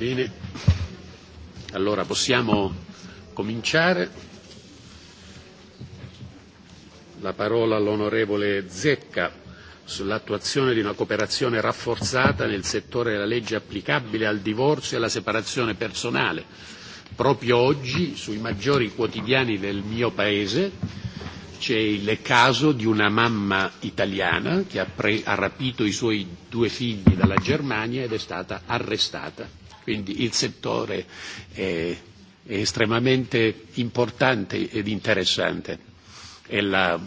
Bene, allora possiamo cominciare. La parola all'onorevole Zecca sull'attuazione di una cooperazione rafforzata nel settore della legge applicabile al divorzio e alla separazione personale. Proprio oggi sui maggiori quotidiani del mio paese c'è il caso di una mamma italiana che ha, pre- ha rapito i suoi due figli dalla Germania ed è stata arrestata Quindi il settore è, è estremamente importante ed interessante e la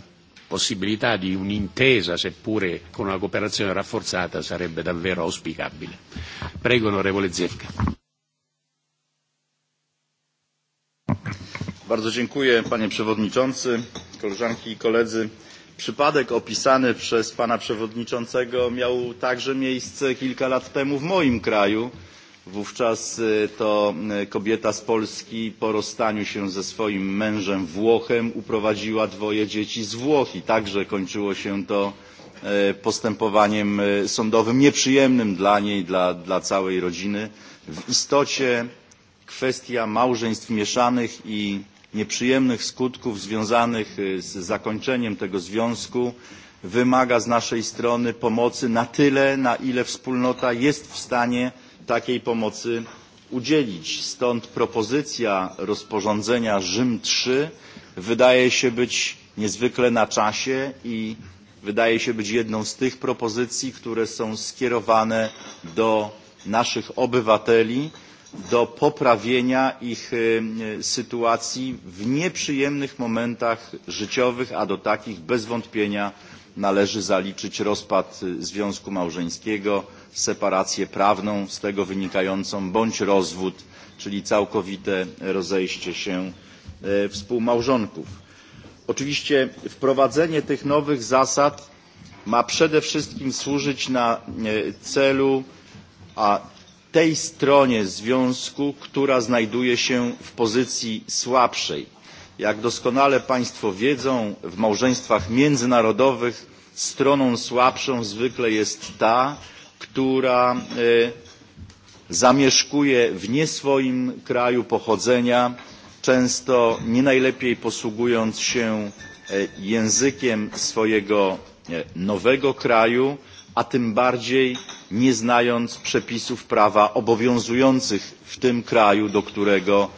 possibilità di un'intesa, seppure con una cooperazione rafforzata, sarebbe davvero auspicabile. Prego, onorevole Zirka. Bardzo dziękuję, panie przewodniczący, koleżanki i koledzy. Przypadek opisany przez pana przewodniczącego miał także miejsce kilka lat temu w moim kraju Wówczas to kobieta z Polski po rozstaniu się ze swoim mężem Włochem uprowadziła dwoje dzieci z Włoch i także kończyło się to postępowaniem sądowym nieprzyjemnym dla niej, dla, całej rodziny. W istocie kwestia małżeństw mieszanych i nieprzyjemnych skutków związanych z zakończeniem tego związku wymaga z naszej strony pomocy na tyle, na ile wspólnota jest w stanie takiej pomocy udzielić. Stąd propozycja rozporządzenia Rzym III wydaje się być niezwykle na czasie i wydaje się być jedną z tych propozycji, które są skierowane do naszych obywateli, do poprawienia ich sytuacji w nieprzyjemnych momentach życiowych, a do takich bez wątpienia należy zaliczyć rozpad związku małżeńskiego, separację prawną z tego wynikającą bądź rozwód, czyli całkowite rozejście się współmałżonków. Oczywiście wprowadzenie tych nowych zasad ma przede wszystkim służyć na celu tej stronie związku, która znajduje się w pozycji słabszej. Jak doskonale Państwo wiedzą, w małżeństwach międzynarodowych stroną słabszą zwykle jest ta, która zamieszkuje w nie swoim kraju pochodzenia, często nie najlepiej posługując się językiem swojego nowego kraju, a tym bardziej nie znając przepisów prawa obowiązujących w tym kraju, do którego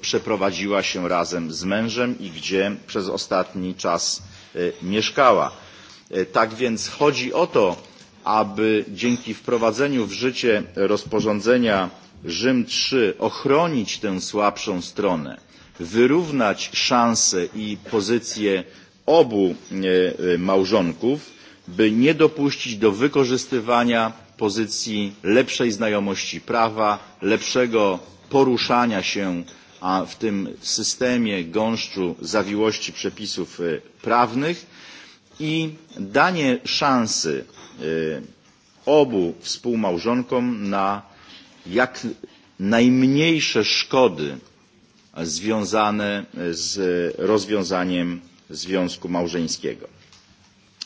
przeprowadziła się razem z mężem i gdzie przez ostatni czas mieszkała. Tak więc chodzi o to, aby dzięki wprowadzeniu w życie rozporządzenia Rzym III ochronić tę słabszą stronę, wyrównać szanse i pozycje obu małżonków, by nie dopuścić do wykorzystywania pozycji lepszej znajomości prawa, lepszego poruszania się w tym systemie gąszczu zawiłości przepisów prawnych i danie szansy obu współmałżonkom na jak najmniejsze szkody związane z rozwiązaniem związku małżeńskiego.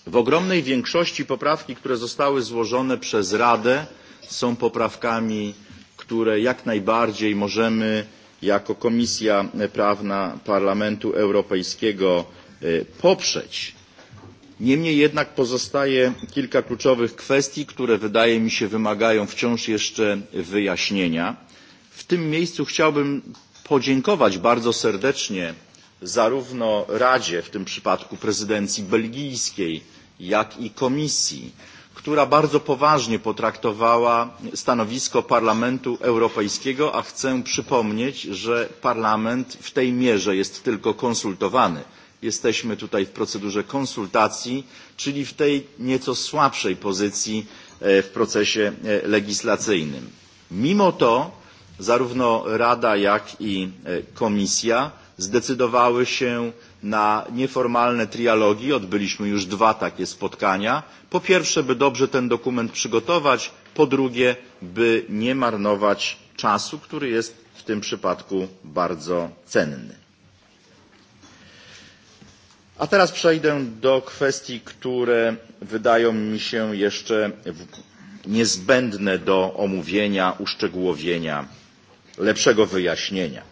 W ogromnej większości poprawki, które zostały złożone przez Radę, są poprawkami, które jak najbardziej możemy jako Komisja Prawna Parlamentu Europejskiego poprzeć Niemniej jednak pozostaje kilka kluczowych kwestii, które wydaje mi się wymagają wciąż jeszcze wyjaśnienia. W tym miejscu chciałbym podziękować bardzo serdecznie zarówno Radzie, w tym przypadku prezydencji belgijskiej, jak i Komisji, która bardzo poważnie potraktowała stanowisko Parlamentu Europejskiego, a chcę przypomnieć, że Parlament w tej mierze jest tylko konsultowany jesteśmy tutaj w procedurze konsultacji, czyli w tej nieco słabszej pozycji w procesie legislacyjnym. Mimo to zarówno Rada, jak i Komisja zdecydowały się na nieformalne trialogi. Odbyliśmy już dwa takie spotkania. Po pierwsze, by dobrze ten dokument przygotować. Po drugie, by nie marnować czasu, który jest w tym przypadku bardzo cenny. A teraz przejdę do kwestii, które wydają mi się jeszcze niezbędne do omówienia, uszczegółowienia, lepszego wyjaśnienia.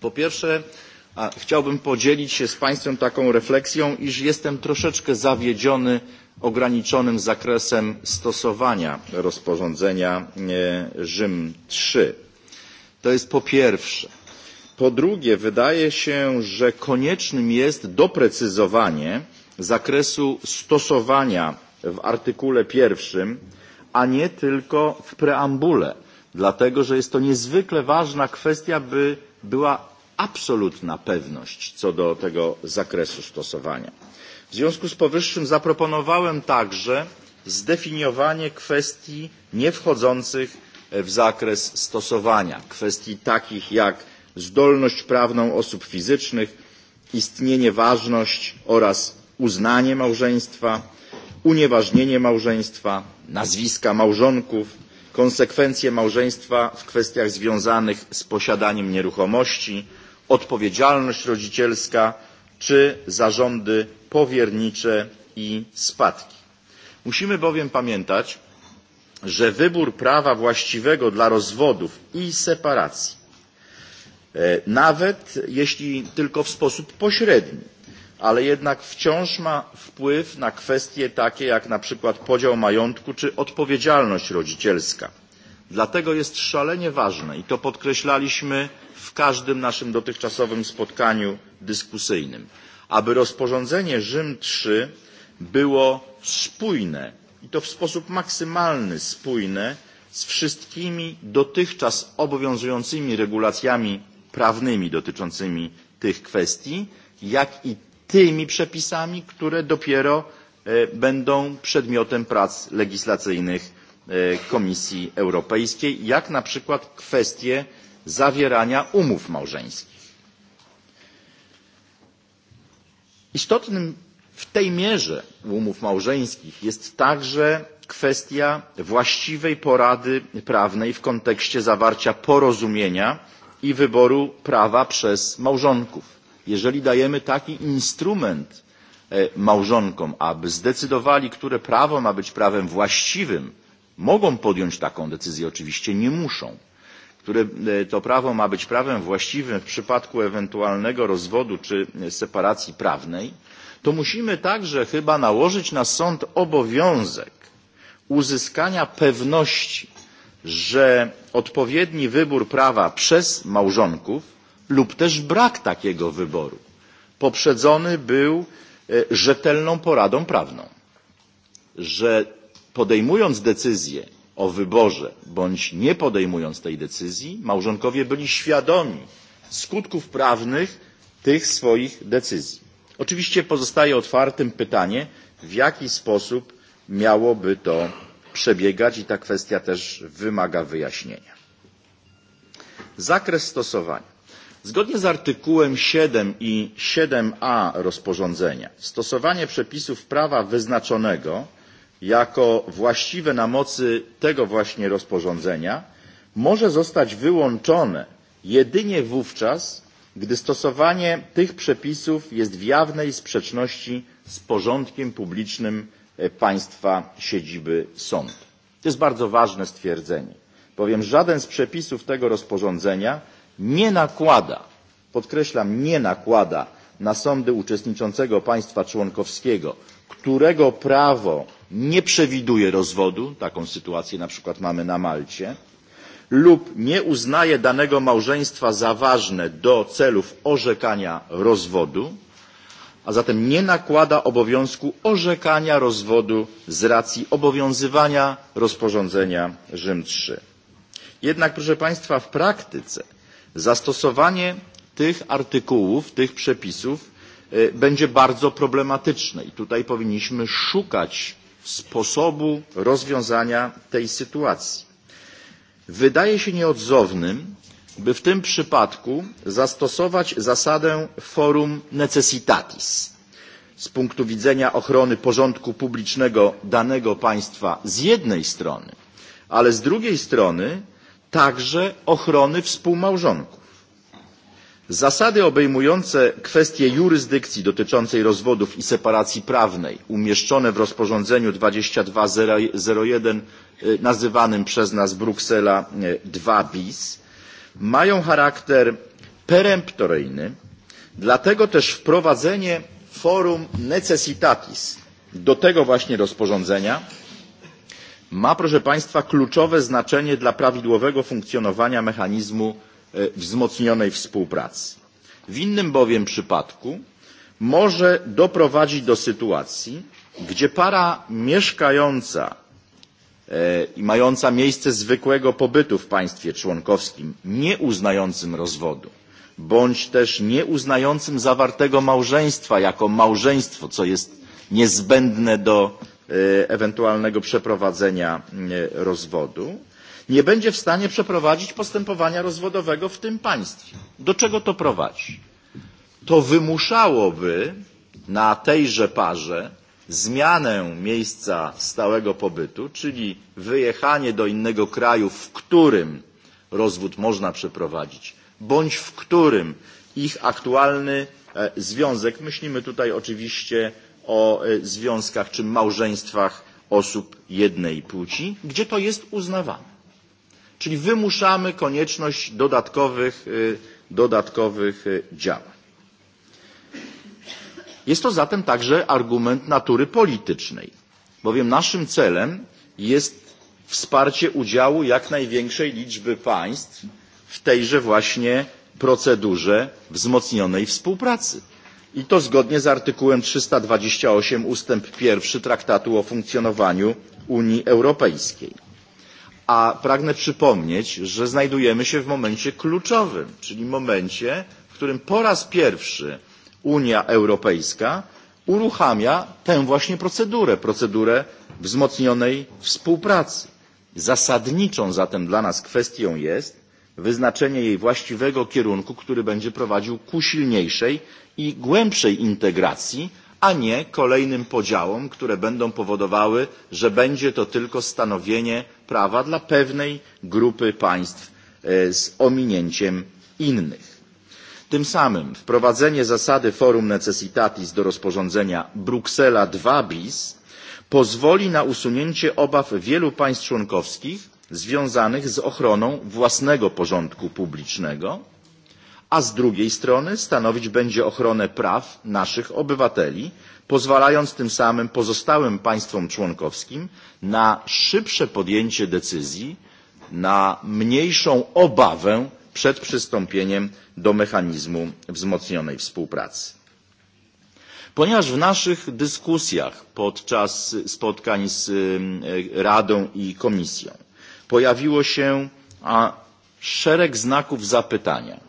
Po pierwsze, chciałbym podzielić się z Państwem taką refleksją, iż jestem troszeczkę zawiedziony ograniczonym zakresem stosowania rozporządzenia Rzym III. To jest po pierwsze Po drugie, wydaje się, że koniecznym jest doprecyzowanie zakresu stosowania w artykule pierwszym, a nie tylko w preambule, dlatego że jest to niezwykle ważna kwestia, by była absolutna pewność co do tego zakresu stosowania. W związku z powyższym zaproponowałem także zdefiniowanie kwestii niewchodzących w zakres stosowania, kwestii takich jak zdolność prawną osób fizycznych, istnienie, ważność oraz uznanie małżeństwa, unieważnienie małżeństwa, nazwiska małżonków, konsekwencje małżeństwa w kwestiach związanych z posiadaniem nieruchomości, odpowiedzialność rodzicielska czy zarządy powiernicze i spadki. Musimy bowiem pamiętać, że wybór prawa właściwego dla rozwodów i separacji nawet jeśli tylko w sposób pośredni, ale jednak wciąż ma wpływ na kwestie takie jak na przykład podział majątku czy odpowiedzialność rodzicielska. Dlatego jest szalenie ważne i to podkreślaliśmy w każdym naszym dotychczasowym spotkaniu dyskusyjnym, aby rozporządzenie Rzym III było spójne i to w sposób maksymalny spójne z wszystkimi dotychczas obowiązującymi regulacjami prawnymi dotyczącymi tych kwestii, jak i tymi przepisami, które dopiero będą przedmiotem prac legislacyjnych Komisji Europejskiej, jak na przykład kwestie zawierania umów małżeńskich. Istotnym w tej mierze umów małżeńskich jest także kwestia właściwej porady prawnej w kontekście zawarcia porozumienia i wyboru prawa przez małżonków. Jeżeli dajemy taki instrument małżonkom, aby zdecydowali, które prawo ma być prawem właściwym, mogą podjąć taką decyzję, oczywiście nie muszą, które to prawo ma być prawem właściwym w przypadku ewentualnego rozwodu czy separacji prawnej, to musimy także chyba nałożyć na sąd obowiązek uzyskania pewności że odpowiedni wybór prawa przez małżonków lub też brak takiego wyboru poprzedzony był rzetelną poradą prawną, że podejmując decyzję o wyborze bądź nie podejmując tej decyzji, małżonkowie byli świadomi skutków prawnych tych swoich decyzji. Oczywiście pozostaje otwartym pytanie, w jaki sposób miałoby to przebiegać i ta kwestia też wymaga wyjaśnienia. Zakres stosowania. Zgodnie z artykułem 7 i 7a rozporządzenia stosowanie przepisów prawa wyznaczonego jako właściwe na mocy tego właśnie rozporządzenia może zostać wyłączone jedynie wówczas, gdy stosowanie tych przepisów jest w jawnej sprzeczności z porządkiem publicznym państwa siedziby sądu. To jest bardzo ważne stwierdzenie, bowiem żaden z przepisów tego rozporządzenia nie nakłada, podkreślam, nie nakłada na sądy uczestniczącego państwa członkowskiego, którego prawo nie przewiduje rozwodu, taką sytuację na przykład mamy na Malcie, lub nie uznaje danego małżeństwa za ważne do celów orzekania rozwodu, a zatem nie nakłada obowiązku orzekania rozwodu z racji obowiązywania rozporządzenia Rzym III. Jednak, proszę Państwa, w praktyce zastosowanie tych artykułów, tych przepisów będzie bardzo problematyczne i tutaj powinniśmy szukać sposobu rozwiązania tej sytuacji. Wydaje się nieodzownym, by w tym przypadku zastosować zasadę forum necessitatis z punktu widzenia ochrony porządku publicznego danego państwa z jednej strony, ale z drugiej strony także ochrony współmałżonków. Zasady obejmujące kwestie jurysdykcji dotyczącej rozwodów i separacji prawnej umieszczone w rozporządzeniu 2201 nazywanym przez nas Bruksela 2 bis mają charakter peremptoryjny, dlatego też wprowadzenie forum necessitatis do tego właśnie rozporządzenia ma, proszę Państwa, kluczowe znaczenie dla prawidłowego funkcjonowania mechanizmu wzmocnionej współpracy. W innym bowiem przypadku może doprowadzić do sytuacji, gdzie para mieszkająca i mająca miejsce zwykłego pobytu w państwie członkowskim nieuznającym rozwodu bądź też nieuznającym zawartego małżeństwa jako małżeństwo, co jest niezbędne do ewentualnego przeprowadzenia rozwodu, nie będzie w stanie przeprowadzić postępowania rozwodowego w tym państwie. Do czego to prowadzi? To wymuszałoby na tejże parze zmianę miejsca stałego pobytu, czyli wyjechanie do innego kraju, w którym rozwód można przeprowadzić, bądź w którym ich aktualny związek, myślimy tutaj oczywiście o związkach czy małżeństwach osób jednej płci, gdzie to jest uznawane. Czyli wymuszamy konieczność dodatkowych, dodatkowych działań. Jest to zatem także argument natury politycznej, bowiem naszym celem jest wsparcie udziału jak największej liczby państw w tejże właśnie procedurze wzmocnionej współpracy. I to zgodnie z artykułem 328 ustęp 1 Traktatu o funkcjonowaniu Unii Europejskiej. A pragnę przypomnieć, że znajdujemy się w momencie kluczowym, czyli momencie, w którym po raz pierwszy Unia Europejska uruchamia tę właśnie procedurę, procedurę wzmocnionej współpracy. Zasadniczą zatem dla nas kwestią jest wyznaczenie jej właściwego kierunku, który będzie prowadził ku silniejszej i głębszej integracji, a nie kolejnym podziałom, które będą powodowały, że będzie to tylko stanowienie prawa dla pewnej grupy państw z ominięciem innych. Tym samym wprowadzenie zasady forum necessitatis do rozporządzenia Bruksela II bis pozwoli na usunięcie obaw wielu państw członkowskich związanych z ochroną własnego porządku publicznego, a z drugiej strony stanowić będzie ochronę praw naszych obywateli, pozwalając tym samym pozostałym państwom członkowskim na szybsze podjęcie decyzji, na mniejszą obawę przed przystąpieniem do mechanizmu wzmocnionej współpracy. Ponieważ w naszych dyskusjach podczas spotkań z Radą i Komisją pojawiło się szereg znaków zapytania,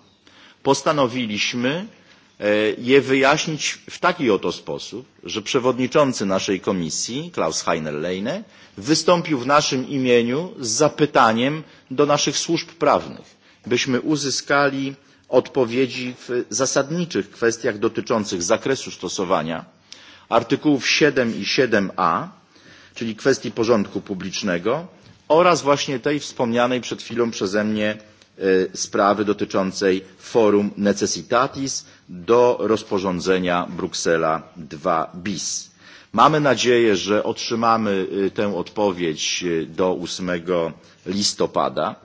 postanowiliśmy je wyjaśnić w taki oto sposób, że przewodniczący naszej komisji, Klaus Heiner Lehne, wystąpił w naszym imieniu z zapytaniem do naszych służb prawnych byśmy uzyskali odpowiedzi w zasadniczych kwestiach dotyczących zakresu stosowania artykułów siedem i siedem a czyli kwestii porządku publicznego oraz właśnie tej wspomnianej przed chwilą przeze mnie sprawy dotyczącej forum necessitatis do rozporządzenia Bruksela II bis. Mamy nadzieję, że otrzymamy tę odpowiedź do 8 listopada.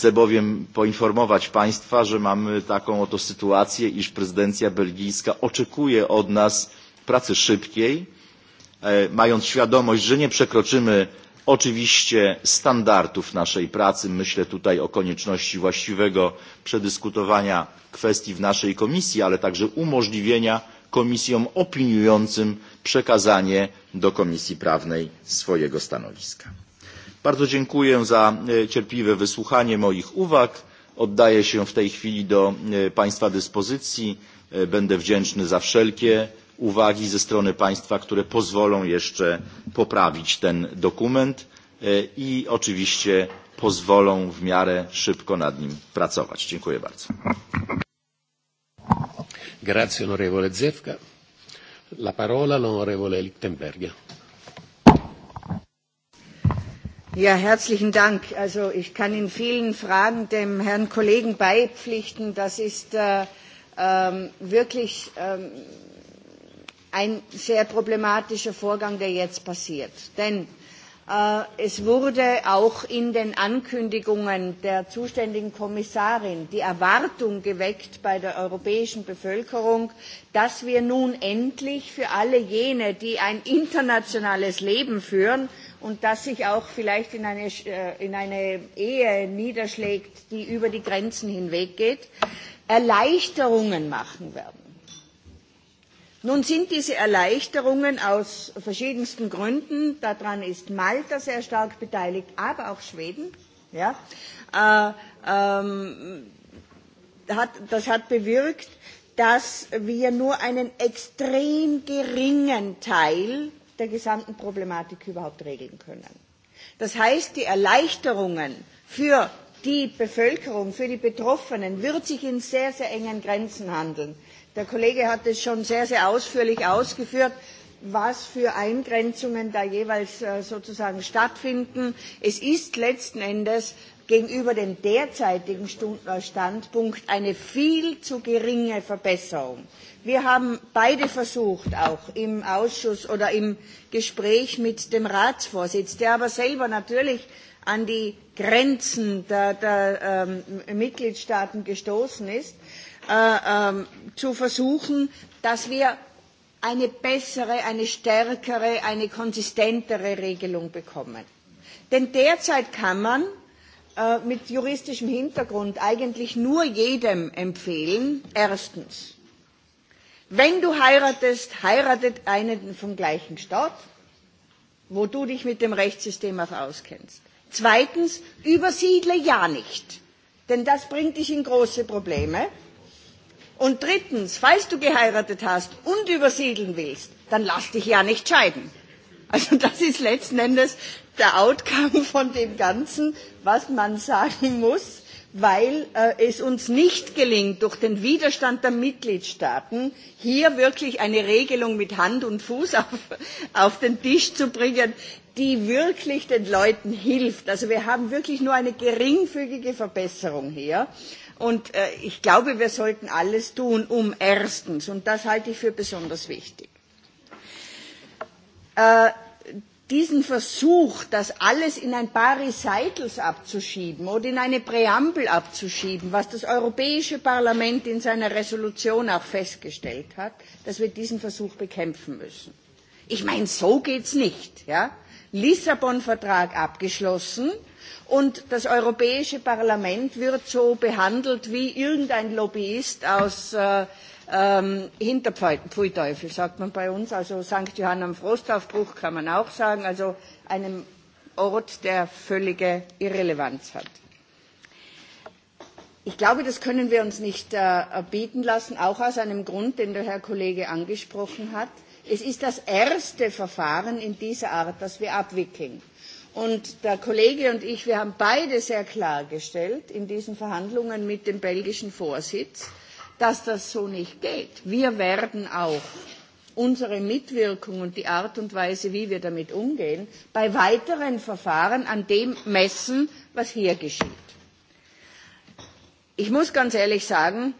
Chcę bowiem poinformować Państwa, że mamy taką oto sytuację, iż prezydencja belgijska oczekuje od nas pracy szybkiej, mając świadomość, że nie przekroczymy oczywiście standardów naszej pracy. Myślę tutaj o konieczności właściwego przedyskutowania kwestii w naszej komisji, ale także umożliwienia komisjom opiniującym przekazanie do Komisji Prawnej swojego stanowiska. Bardzo dziękuję za cierpliwe wysłuchanie moich uwag. Oddaję się w tej chwili do Państwa dyspozycji. Będę wdzięczny za wszelkie uwagi ze strony Państwa, które pozwolą jeszcze poprawić ten dokument i oczywiście pozwolą w miarę szybko nad nim pracować. Dziękuję bardzo. Grazie onorevole La parola Lichtenberger. Ja, herzlichen Dank. Also ich kann in vielen Fragen dem Herrn Kollegen beipflichten. Das ist wirklich ein sehr problematischer Vorgang, der jetzt passiert. Denn es wurde auch in den Ankündigungen der zuständigen Kommissarin die Erwartung geweckt bei der europäischen Bevölkerung, dass wir nun endlich für alle jene, die ein internationales Leben führen, und das sich auch vielleicht in eine, in eine Ehe niederschlägt, die über die Grenzen hinweggeht, Erleichterungen machen werden. Nun sind diese Erleichterungen aus verschiedensten Gründen, daran ist Malta sehr stark beteiligt, aber auch Schweden, ja, das hat bewirkt, dass wir nur einen extrem geringen Teil der gesamten Problematik überhaupt regeln können. Das heißt, die Erleichterungen für die Bevölkerung, für die Betroffenen wird sich in sehr, sehr engen Grenzen handeln. Der Kollege hat es schon sehr, sehr ausführlich ausgeführt, was für Eingrenzungen da jeweils sozusagen stattfinden. Es ist letzten Endes gegenüber dem derzeitigen Standpunkt eine viel zu geringe Verbesserung. Wir haben beide versucht, auch im Ausschuss oder im Gespräch mit dem Ratsvorsitz, der aber selber natürlich an die Grenzen der, Mitgliedstaaten gestoßen ist, zu versuchen, dass wir eine bessere, eine stärkere, eine konsistentere Regelung bekommen. Denn derzeit kann man mit juristischem Hintergrund eigentlich nur jedem empfehlen. Erstens, wenn du heiratest, heiratet einen vom gleichen Staat, wo du dich mit dem Rechtssystem auch auskennst. Zweitens, übersiedle ja nicht, denn das bringt dich in große Probleme. Und drittens, falls du geheiratet hast und übersiedeln willst, dann lass dich ja nicht scheiden. Also das ist letzten Endes der Outcome von dem Ganzen, was man sagen muss, weil es uns nicht gelingt, durch den Widerstand der Mitgliedstaaten hier wirklich eine Regelung mit Hand und Fuß auf, den Tisch zu bringen, die wirklich den Leuten hilft. Also wir haben wirklich nur eine geringfügige Verbesserung hier. Und ich glaube, wir sollten alles tun, um erstens, und das halte ich für besonders wichtig, diesen Versuch, das alles in ein paar Recitals abzuschieben oder in eine Präambel abzuschieben, was das Europäische Parlament in seiner Resolution auch festgestellt hat, dass wir diesen Versuch bekämpfen müssen. Ich meine, so geht es nicht. Ja? Lissabon-Vertrag abgeschlossen und das Europäische Parlament wird so behandelt wie irgendein Lobbyist aus ähm, Hinterpfuhteufel, sagt man bei uns. Also St. Johann am Frostaufbruch kann man auch sagen, also einem Ort, der völlige Irrelevanz hat. Ich glaube, das können wir uns nicht bieten lassen, auch aus einem Grund, den der Herr Kollege angesprochen hat. Es ist das erste Verfahren in dieser Art, das wir abwickeln. Und der Kollege und ich, wir haben beide sehr klargestellt in diesen Verhandlungen mit dem belgischen Vorsitz, dass das so nicht geht. Wir werden auch unsere Mitwirkung und die Art und Weise, wie wir damit umgehen, bei weiteren Verfahren an dem messen, was hier geschieht. Ich muss ganz ehrlich sagen,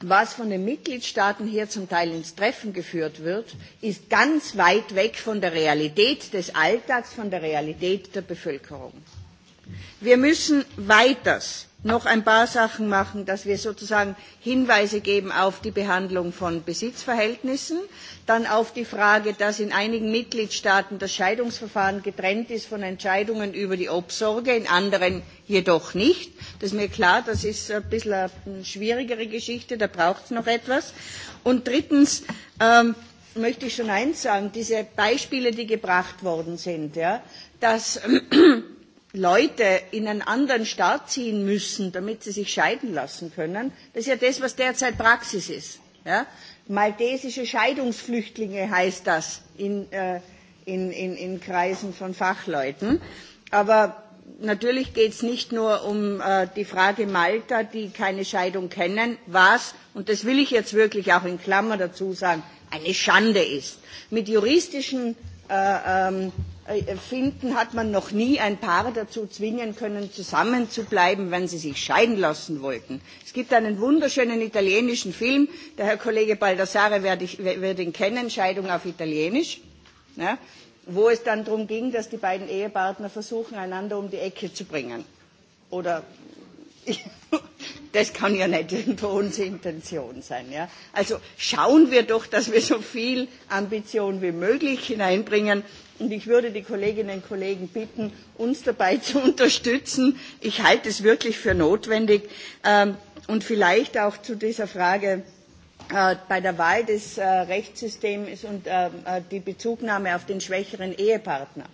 was von den Mitgliedstaaten hier zum Teil ins Treffen geführt wird, ist ganz weit weg von der Realität des Alltags, von der Realität der Bevölkerung. Wir müssen weiters noch ein paar Sachen machen, dass wir sozusagen Hinweise geben auf die Behandlung von Besitzverhältnissen, dann auf die Frage, dass in einigen Mitgliedstaaten das Scheidungsverfahren getrennt ist von Entscheidungen über die Obsorge, in anderen jedoch nicht. Das ist mir klar, das ist ein bisschen eine schwierigere Geschichte, da braucht es noch etwas. Und drittens möchte ich schon eins sagen, diese Beispiele, die gebracht worden sind, dass Leute in einen anderen Staat ziehen müssen, damit sie sich scheiden lassen können, das ist ja das, was derzeit Praxis ist. Ja? Maltesische Scheidungsflüchtlinge heißt das in, äh, in, in, in Kreisen von Fachleuten. Aber natürlich geht es nicht nur um äh, die Frage Malta, die keine Scheidung kennen, was, und das will ich jetzt wirklich auch in Klammer dazu sagen, eine Schande ist. Mit juristischen äh, ähm, finden, hat man noch nie ein Paar dazu zwingen können, zusammenzubleiben, wenn sie sich scheiden lassen wollten. Es gibt einen wunderschönen italienischen Film, der Herr Kollege Baldassare wird ihn kennen, Scheidung auf Italienisch, wo es dann darum ging, dass die beiden Ehepartner versuchen, einander um die Ecke zu bringen. Oder das kann ja nicht irgendwo unsere Intention sein. Ja? Also schauen wir doch, dass wir so viel Ambition wie möglich hineinbringen Und ich würde die Kolleginnen und Kollegen bitten, uns dabei zu unterstützen. Ich halte es wirklich für notwendig. Und vielleicht auch zu dieser Frage bei der Wahl des Rechtssystems und die Bezugnahme auf den schwächeren Ehepartner.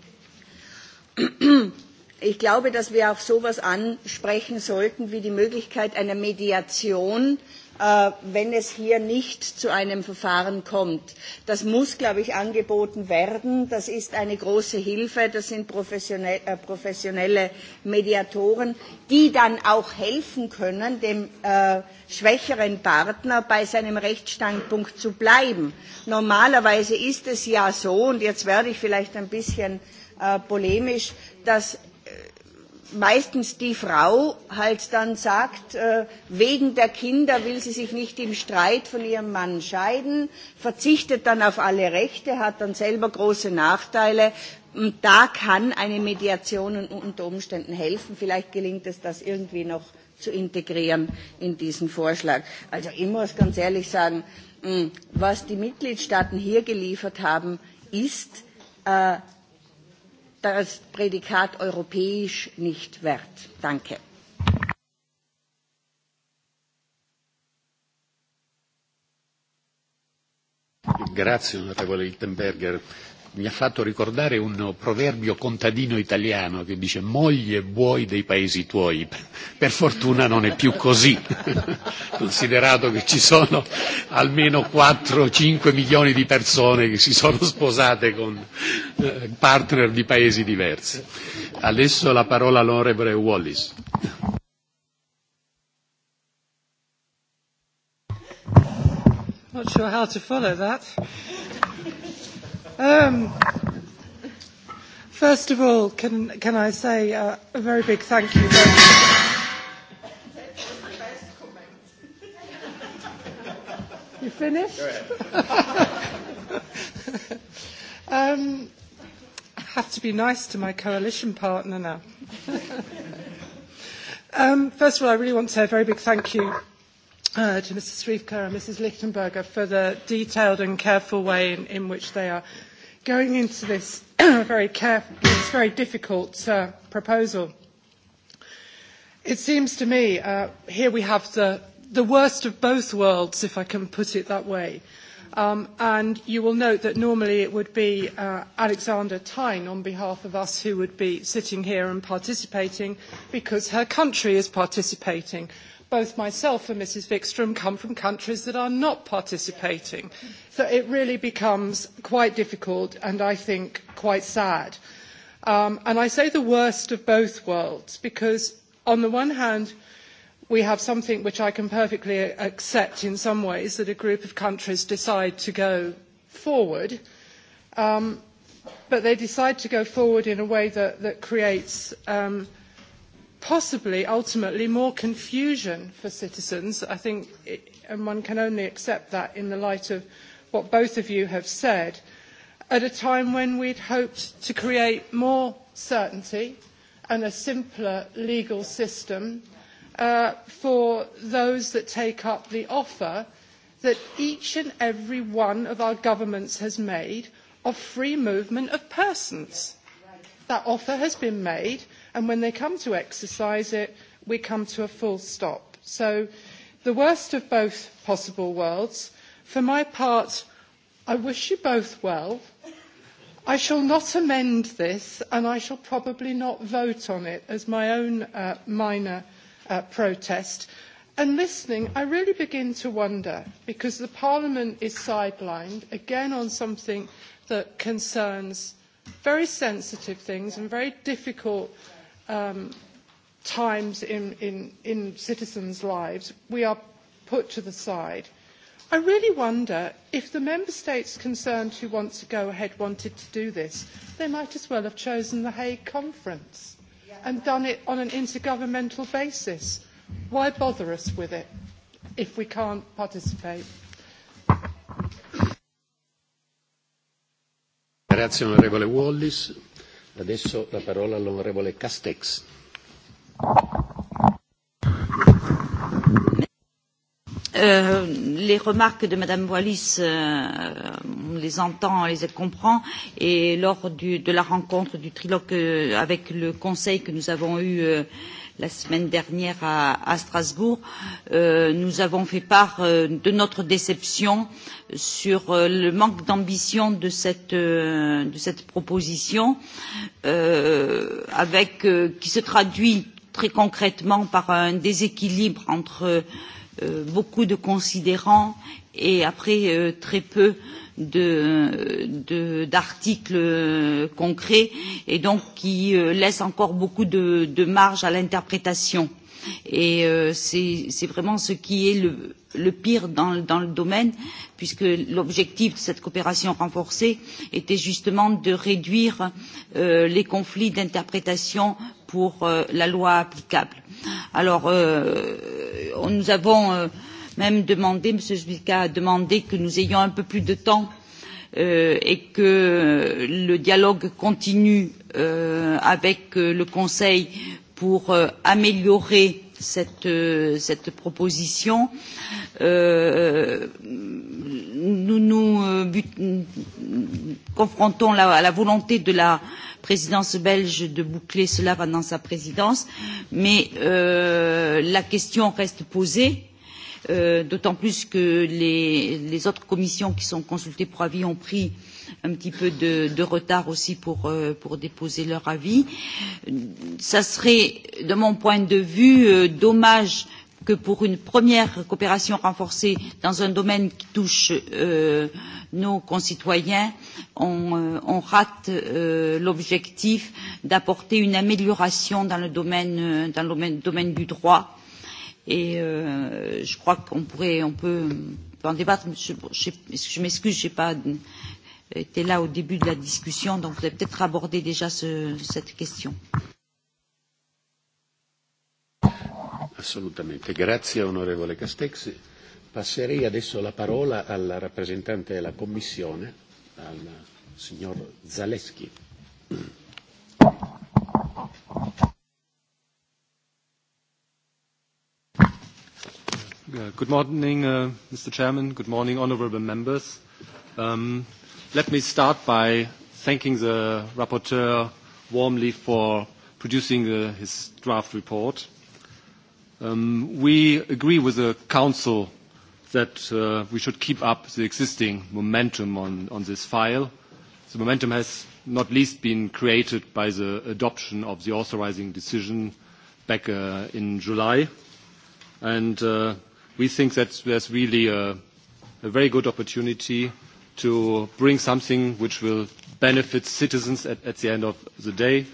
Ich glaube, dass wir auch so etwas ansprechen sollten wie die Möglichkeit einer Mediation wenn es hier nicht zu einem Verfahren kommt. Das muss, glaube ich, angeboten werden. Das ist eine große Hilfe. Das sind professionelle Mediatoren, die dann auch helfen können, dem schwächeren Partner bei seinem Rechtsstandpunkt zu bleiben. Normalerweise ist es ja so, und jetzt werde ich vielleicht ein bisschen polemisch, dass meistens die Frau halt dann sagt, wegen der Kinder will sie sich nicht im Streit von ihrem Mann scheiden, verzichtet dann auf alle Rechte, hat dann selber große Nachteile. Und da kann eine Mediation unter Umständen helfen. Vielleicht gelingt es, das irgendwie noch zu integrieren in diesen Vorschlag. Also ich muss ganz ehrlich sagen, was die Mitgliedstaaten hier geliefert haben, ist das Prädikat europäisch nicht wert. Danke. Grazie onorevole mi ha fatto ricordare un proverbio contadino italiano che dice moglie e buoi dei paesi tuoi. Per fortuna non è più così, considerato che ci sono almeno 4-5 milioni di persone che si sono sposate con partner di paesi diversi. Adesso la parola all'onorevole Wallis. Not sure how to follow that. Um, first of all, can, can I say uh, a very big thank you. You finished? um, I have to be nice to my coalition partner now. um, first of all, I really want to say a very big thank you uh, to Mr. Srivkar and Mrs. Lichtenberger for the detailed and careful way in, in which they are going into this very careful, this very difficult uh, proposal, it seems to me uh, here we have the, the worst of both worlds, if I can put it that way. Um, and you will note that normally it would be uh, Alexander Tyne on behalf of us who would be sitting here and participating because her country is participating both myself and Mrs. Vikstrom come from countries that are not participating. So it really becomes quite difficult and I think quite sad. and I say the worst of both worlds because, on the one hand, we have something which I can perfectly accept in some ways that a group of countries decide to go forward, but they decide to go forward in a way that, creates. Um, possibly ultimately more confusion for citizens. I think, and one can only accept that in the light of what both of you have said, at a time when we had hoped to create more certainty and a simpler legal system for those that take up the offer that each and every one of our governments has made of free movement of persons. That offer has been made And when they come to exercise it, we come to a full stop. So the worst of both possible worlds. For my part, I wish you both well. I shall not amend this, and I shall probably not vote on it as my own uh, minor uh, protest. And listening, I really begin to wonder, because the Parliament is sidelined, again on something that concerns very sensitive things and very difficult um, times in, in, in citizens' lives, we are put to the side. I really wonder if the member states concerned who want to go ahead wanted to do this, they might as well have chosen the Hague Conference and done it on an intergovernmental basis. Why bother us with it if we can't participate? Grazie onorevole Wallis. Adesso la parola all'onorevole Castex. les remarques de Madame Wallis, on les entend, on les comprend. Et lors de la rencontre du trilogue avec le Conseil que nous avons eue la semaine dernière à, Strasbourg, nous avons fait part de notre déception sur le manque d'ambition de cette, proposition, qui se traduit très concrètement par un déséquilibre entre beaucoup de considérants et après très peu de d'articles concrets et donc qui laissent encore beaucoup de, de marge à l'interprétation. Et euh, c'est vraiment ce qui est le, le pire dans, dans le domaine, puisque l'objectif de cette coopération renforcée était justement de réduire euh, les conflits d'interprétation pour euh, la loi applicable. Alors, euh, nous avons euh, même demandé, M. Zwiefka a demandé que nous ayons un peu plus de temps et que le dialogue continue avec le Conseil pour améliorer cette, proposition. nous nous confrontons à la volonté de la présidence belge de boucler cela pendant sa présidence, mais la question reste posée d'autant plus que les, autres commissions qui sont consultées pour avis ont pris un petit peu de, retard aussi pour, déposer leur avis. Ça serait, de mon point de vue, dommage que pour une première coopération renforcée dans un domaine qui touche nos concitoyens, on, rate l'objectif d'apporter une amélioration dans le domaine, du droit Et euh, je crois qu'on pourrait, on peut, on peut en débattre. Je, je, je m'excuse, je n'ai pas été là au début de la discussion, donc vous avez peut-être abordé déjà ce, cette question. Absolument. Merci, honorable Castex. Passerei adesso la parola al rappresentante della Commissione, al signor Zaleschi. Good morning, Mr. Chairman. Good morning, honorable members. Let me start by thanking the rapporteur warmly for producing his draft report. We agree with the council that we should keep up the existing momentum on this file. The momentum has not least been created by the adoption of the authorizing decision back in July. and we think that there's really a very good opportunity to bring something which will benefit citizens at the end of the day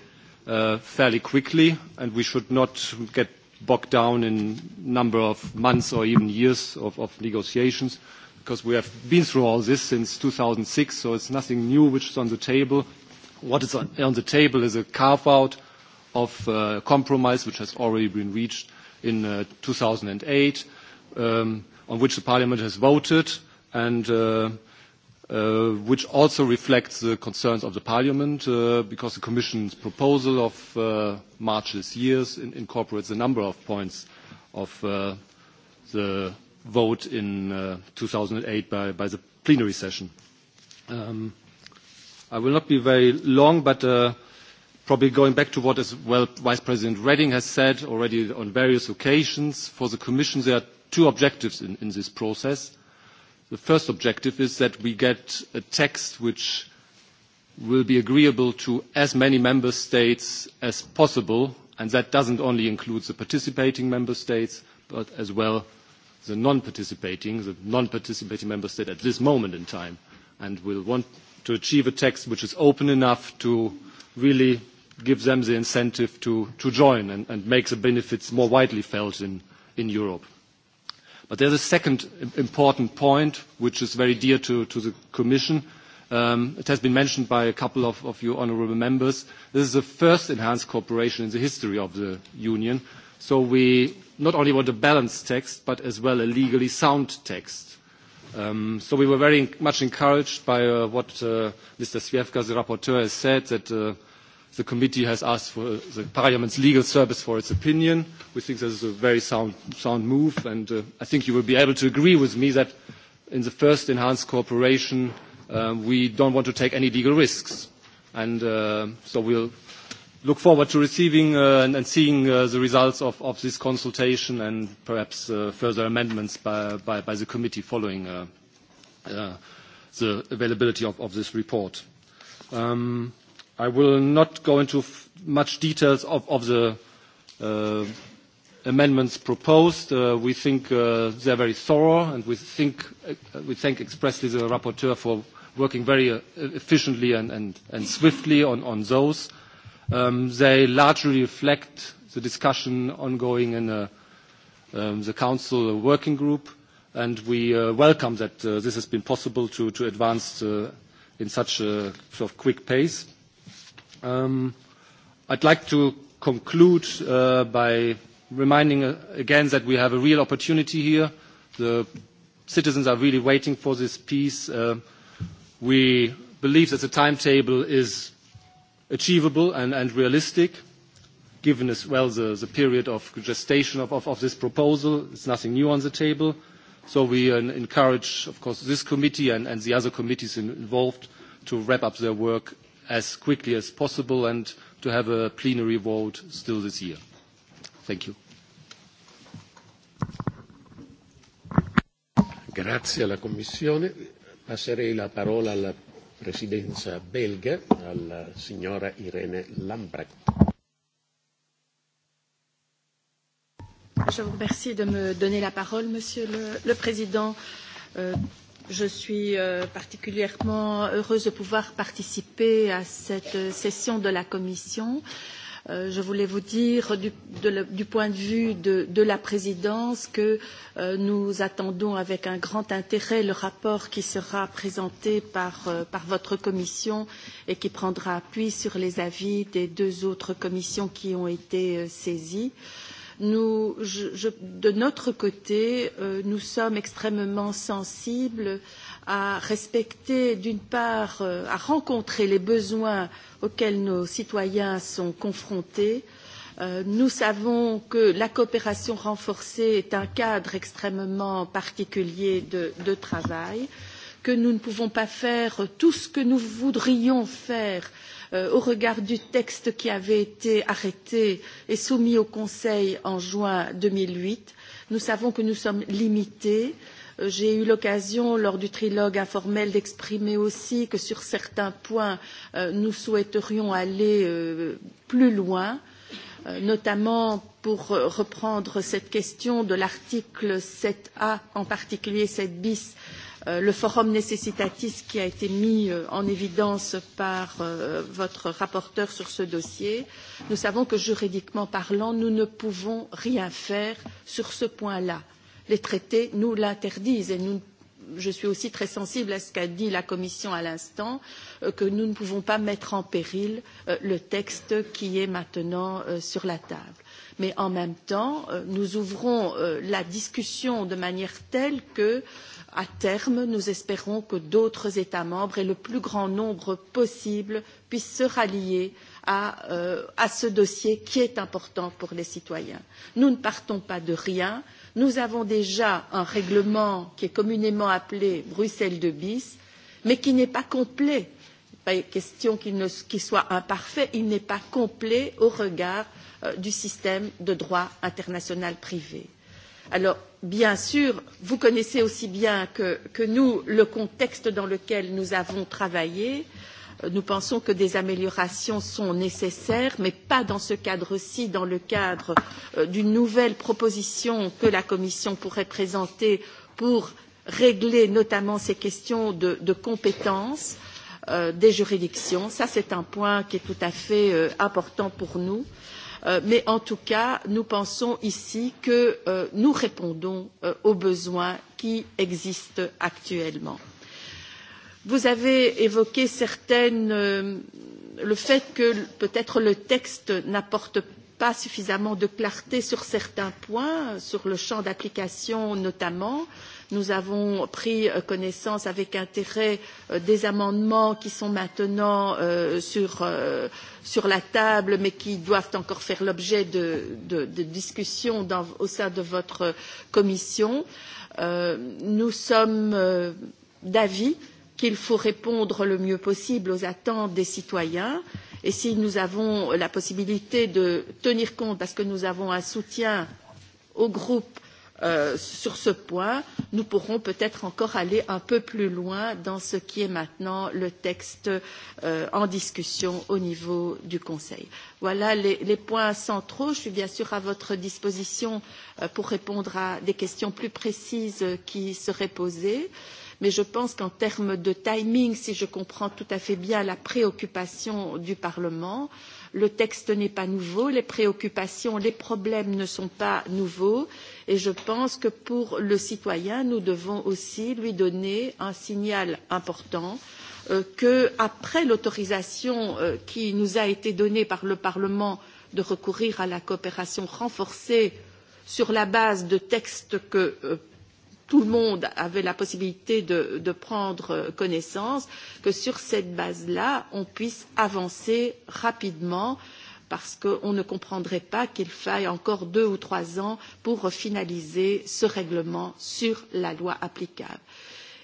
fairly quickly, and we should not get bogged down in number of months or even years of negotiations because we have been through all this since 2006, so it's nothing new which is on the table. What is on the table is a carve-out of a compromise, which has already been reached in 2008 on which the Parliament has voted and which also reflects the concerns of the Parliament because the Commission's proposal of March this year incorporates a number of points of the vote in two thousand eight by the plenary session. I will not be very long, but probably going back to what as well Vice President Reding has said already on various occasions, for the Commission, there are two objectives in, in this process. The first objective is that we get a text which will be agreeable to as many member states as possible, and that doesn't only include the participating member states, but as well the non-participating, the non-participating member state at this moment in time, and will want to achieve a text which is open enough to really give them the incentive to, to join and, and make the benefits more widely felt in, in Europe. But there's a second important point, which is very dear to the Commission. It has been mentioned by a couple of you honorable members. This is the first enhanced cooperation in the history of the Union. So we not only want a balanced text, but as well a legally sound text. So we were very much encouraged by what Mr. Zwiefka, the rapporteur, has said, that The committee has asked for the Parliament's legal service for its opinion. We think this is a very sound, sound move, and uh, I think you will be able to agree with me that in the first enhanced cooperation, um, we don't want to take any legal risks. And uh, so we'll look forward to receiving uh, and, and seeing uh, the results of, of this consultation and perhaps uh, further amendments by, by, by the committee following uh, uh, the availability of, of this report. Um, I will not go into much details of the amendments proposed. We think they are very thorough, and we thank expressly the rapporteur for working very efficiently and swiftly on those. They largely reflect the discussion ongoing in the council working group, and we welcome that this has been possible to advance in such a sort of quick pace. I'd like to conclude by reminding again that we have a real opportunity here. The citizens are really waiting for this peace. We believe that the timetable is achievable and realistic, given as well the period of gestation of this proposal. There's nothing new on the table. So we encourage, of course, this committee and the other committees involved to wrap up their work as quickly as possible and to have a plenary vote still this year. Thank you. Grazie alla Commissione. Passerei la parola alla Presidenza belga, alla signora Irene Lambrecht. Je vous remercie de me donner la parole, Monsieur le, Président. Je suis particulièrement heureuse de pouvoir participer à cette session de la Commission. Je voulais vous dire, du, point de vue de, la présidence, que nous attendons avec un grand intérêt le rapport qui sera présenté par, votre commission et qui prendra appui sur les avis des deux autres commissions qui ont été saisies. Euh, Nous, je, je, de notre côté, euh, nous sommes extrêmement sensibles à respecter, d'une part, euh, à rencontrer les besoins auxquels nos citoyens sont confrontés, nous savons que la coopération renforcée est un cadre extrêmement particulier de, travail. Euh, que nous ne pouvons pas faire tout ce que nous voudrions faire au regard du texte qui avait été arrêté et soumis au Conseil en juin deux mille huit. Nous savons que nous sommes limités. J'ai eu l'occasion, lors du trilogue informel, d'exprimer aussi que sur certains points, nous souhaiterions aller plus loin, notamment pour reprendre cette question de l'article sept a en particulier sept bis le forum necessitatis qui a été mis en évidence par votre rapporteur sur ce dossier, nous savons que juridiquement parlant, nous ne pouvons rien faire sur ce point-là. Les traités nous l'interdisent et nous je suis aussi très sensible à ce qu'a dit la Commission à l'instant, que nous ne pouvons pas mettre en péril le texte qui est maintenant sur la table. Mais en même temps, nous ouvrons la discussion de manière telle que à terme, nous espérons que d'autres États membres et le plus grand nombre possible puissent se rallier à, ce dossier qui est important pour les citoyens. Nous ne partons pas de rien. Nous avons déjà un règlement qui est communément appelé Bruxelles II bis, mais qui n'est pas complet. Il n'est pas question qu'il soit imparfait, il n'est pas complet au regard du système de droit international privé. Alors, Bien sûr, vous connaissez aussi bien que, nous le contexte dans lequel nous avons travaillé. Nous pensons que des améliorations sont nécessaires, mais pas dans ce cadre-ci, dans le cadre d'une nouvelle proposition que la Commission pourrait présenter pour régler notamment ces questions de, compétences des juridictions. c'est un point qui est tout à fait important pour nous. Euh, mais en tout cas, nous pensons ici que nous répondons aux besoins qui existent actuellement. Vous avez évoqué certaines, le fait que peut-être le texte n'apporte pas suffisamment de clarté sur certains points, sur le champ d'application notamment. Euh, Nous avons pris connaissance avec intérêt des amendements qui sont maintenant sur, la table, mais qui doivent encore faire l'objet de, discussions au sein de votre commission. nous sommes d'avis qu'il faut répondre le mieux possible aux attentes des citoyens et si nous avons la possibilité de tenir compte parce que nous avons un soutien au groupe sur ce point, nous pourrons peut-être encore aller un peu plus loin dans ce qui est maintenant le texte en discussion au niveau du Conseil. Voilà les, points centraux. Je suis bien sûr à votre disposition pour répondre à des questions plus précises qui seraient posées mais je pense qu'en termes de timing, si je comprends tout à fait bien la préoccupation du Parlement, le texte n'est pas nouveau, les préoccupations, les problèmes ne sont pas nouveaux Et je pense que pour le citoyen, nous devons aussi lui donner un signal important que, après l'autorisation qui nous a été donnée par le Parlement de recourir à la coopération renforcée sur la base de textes que tout le monde avait la possibilité de, prendre connaissance, que sur cette base là, on puisse avancer rapidement euh, parce qu'on ne comprendrait pas qu'il faille encore deux ou trois ans pour finaliser ce règlement sur la loi applicable.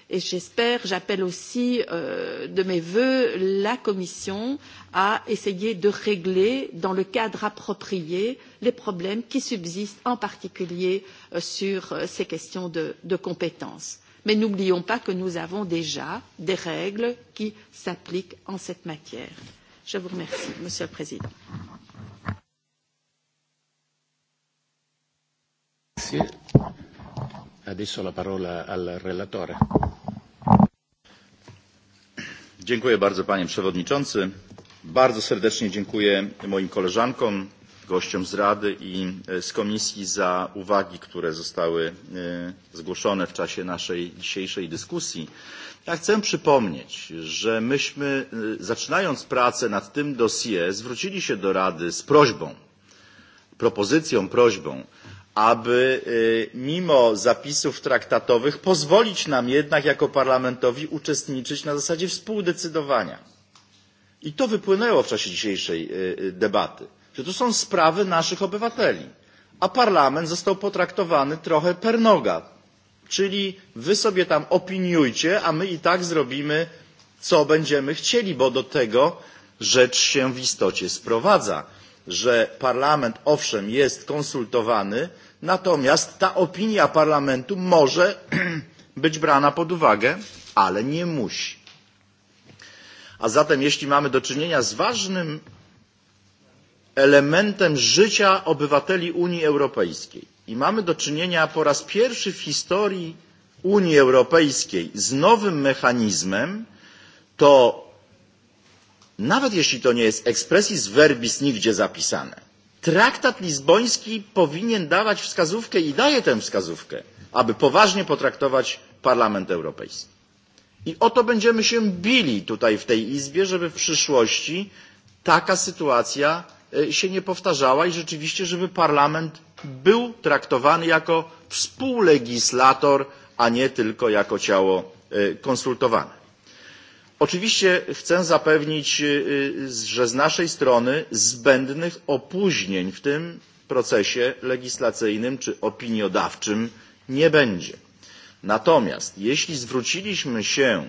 Et j'espère, j'appelle aussi de mes vœux la Commission à essayer de régler, dans le cadre approprié, les problèmes qui subsistent, en particulier sur ces questions de compétences. Mais n'oublions pas que nous avons déjà des règles qui s'appliquent en cette matière. Je vous remercie, Monsieur le Président. Grazie. Adesso la parola al relatore. Dziękuję bardzo panie przewodniczący. Bardzo serdecznie dziękuję moim koleżankom, gościom z Rady i z Komisji za uwagi, które zostały zgłoszone w czasie naszej dzisiejszej dyskusji. Ja chcę przypomnieć, że myśmy, zaczynając pracę nad tym dossier, zwrócili się do Rady z prośbą, propozycją, prośbą, aby mimo zapisów traktatowych pozwolić nam jednak jako parlamentowi uczestniczyć na zasadzie współdecydowania. I to wypłynęło w czasie dzisiejszej debaty, że to są sprawy naszych obywateli, a parlament został potraktowany trochę per noga, Czyli wy sobie tam opiniujcie, a my i tak zrobimy, co będziemy chcieli, bo do tego rzecz się w istocie sprowadza, że parlament owszem jest konsultowany, natomiast ta opinia parlamentu może być brana pod uwagę, ale nie musi. A zatem jeśli mamy do czynienia z ważnym elementem życia obywateli Unii Europejskiej, I mamy do czynienia po raz pierwszy w historii Unii Europejskiej z nowym mechanizmem, to nawet jeśli to nie jest expressis verbis nigdzie zapisane, traktat lizboński powinien dawać wskazówkę i daje tę wskazówkę, aby poważnie potraktować Parlament Europejski. I o to będziemy się bili tutaj w tej Izbie, żeby w przyszłości taka sytuacja się nie powtarzała i rzeczywiście, żeby Parlament był traktowany jako współlegislator, a nie tylko jako ciało konsultowane. Oczywiście chcę zapewnić, że z naszej strony zbędnych opóźnień w tym procesie legislacyjnym czy opiniodawczym nie będzie. Natomiast jeśli zwróciliśmy się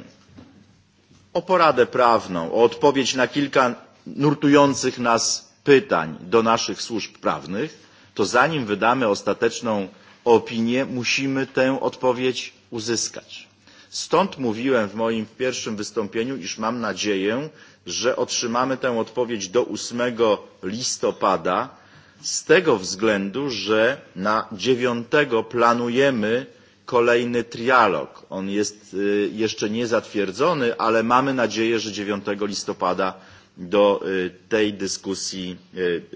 o poradę prawną, o odpowiedź na kilka nurtujących nas pytań do naszych służb prawnych, to zanim wydamy ostateczną opinię, musimy tę odpowiedź uzyskać. Stąd mówiłem w moim pierwszym wystąpieniu, iż mam nadzieję, że otrzymamy tę odpowiedź do 8 listopada, z tego względu, że na 9 planujemy kolejny trialog. On jest jeszcze nie zatwierdzony, ale mamy nadzieję, że 9 listopada do tej dyskusji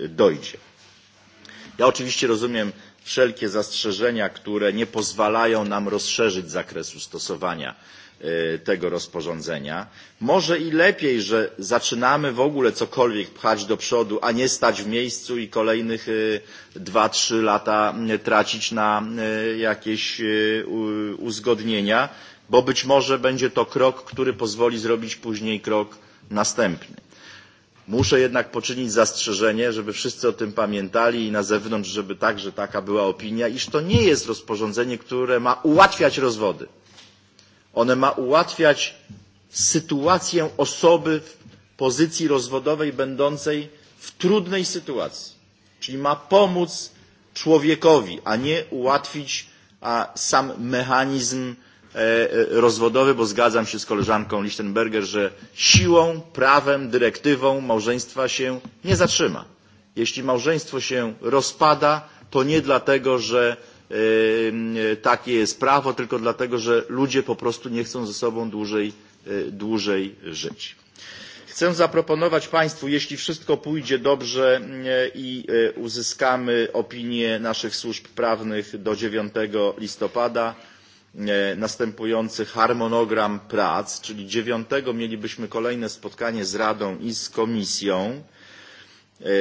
dojdzie. Ja oczywiście rozumiem wszelkie zastrzeżenia, które nie pozwalają nam rozszerzyć zakresu stosowania tego rozporządzenia. Może i lepiej, że zaczynamy w ogóle cokolwiek pchać do przodu, a nie stać w miejscu i kolejnych dwa, trzy lata tracić na jakieś uzgodnienia, bo być może będzie to krok, który pozwoli zrobić później krok następny. Muszę jednak poczynić zastrzeżenie, żeby wszyscy o tym pamiętali i na zewnątrz, żeby także taka była opinia, iż to nie jest rozporządzenie, które ma ułatwiać rozwody. One ma ułatwiać sytuację osoby w pozycji rozwodowej będącej w trudnej sytuacji. Czyli ma pomóc człowiekowi, a nie ułatwić sam mechanizm rozwodowy, bo zgadzam się z koleżanką Lichtenberger, że siłą, prawem, dyrektywą małżeństwa się nie zatrzyma. Jeśli małżeństwo się rozpada, to nie dlatego, że takie jest prawo, tylko dlatego, że ludzie po prostu nie chcą ze sobą dłużej, dłużej żyć. Chcę zaproponować Państwu, jeśli wszystko pójdzie dobrze i uzyskamy opinię naszych służb prawnych do 9 listopada, następujący harmonogram prac, czyli 9 mielibyśmy kolejne spotkanie z Radą i z Komisją.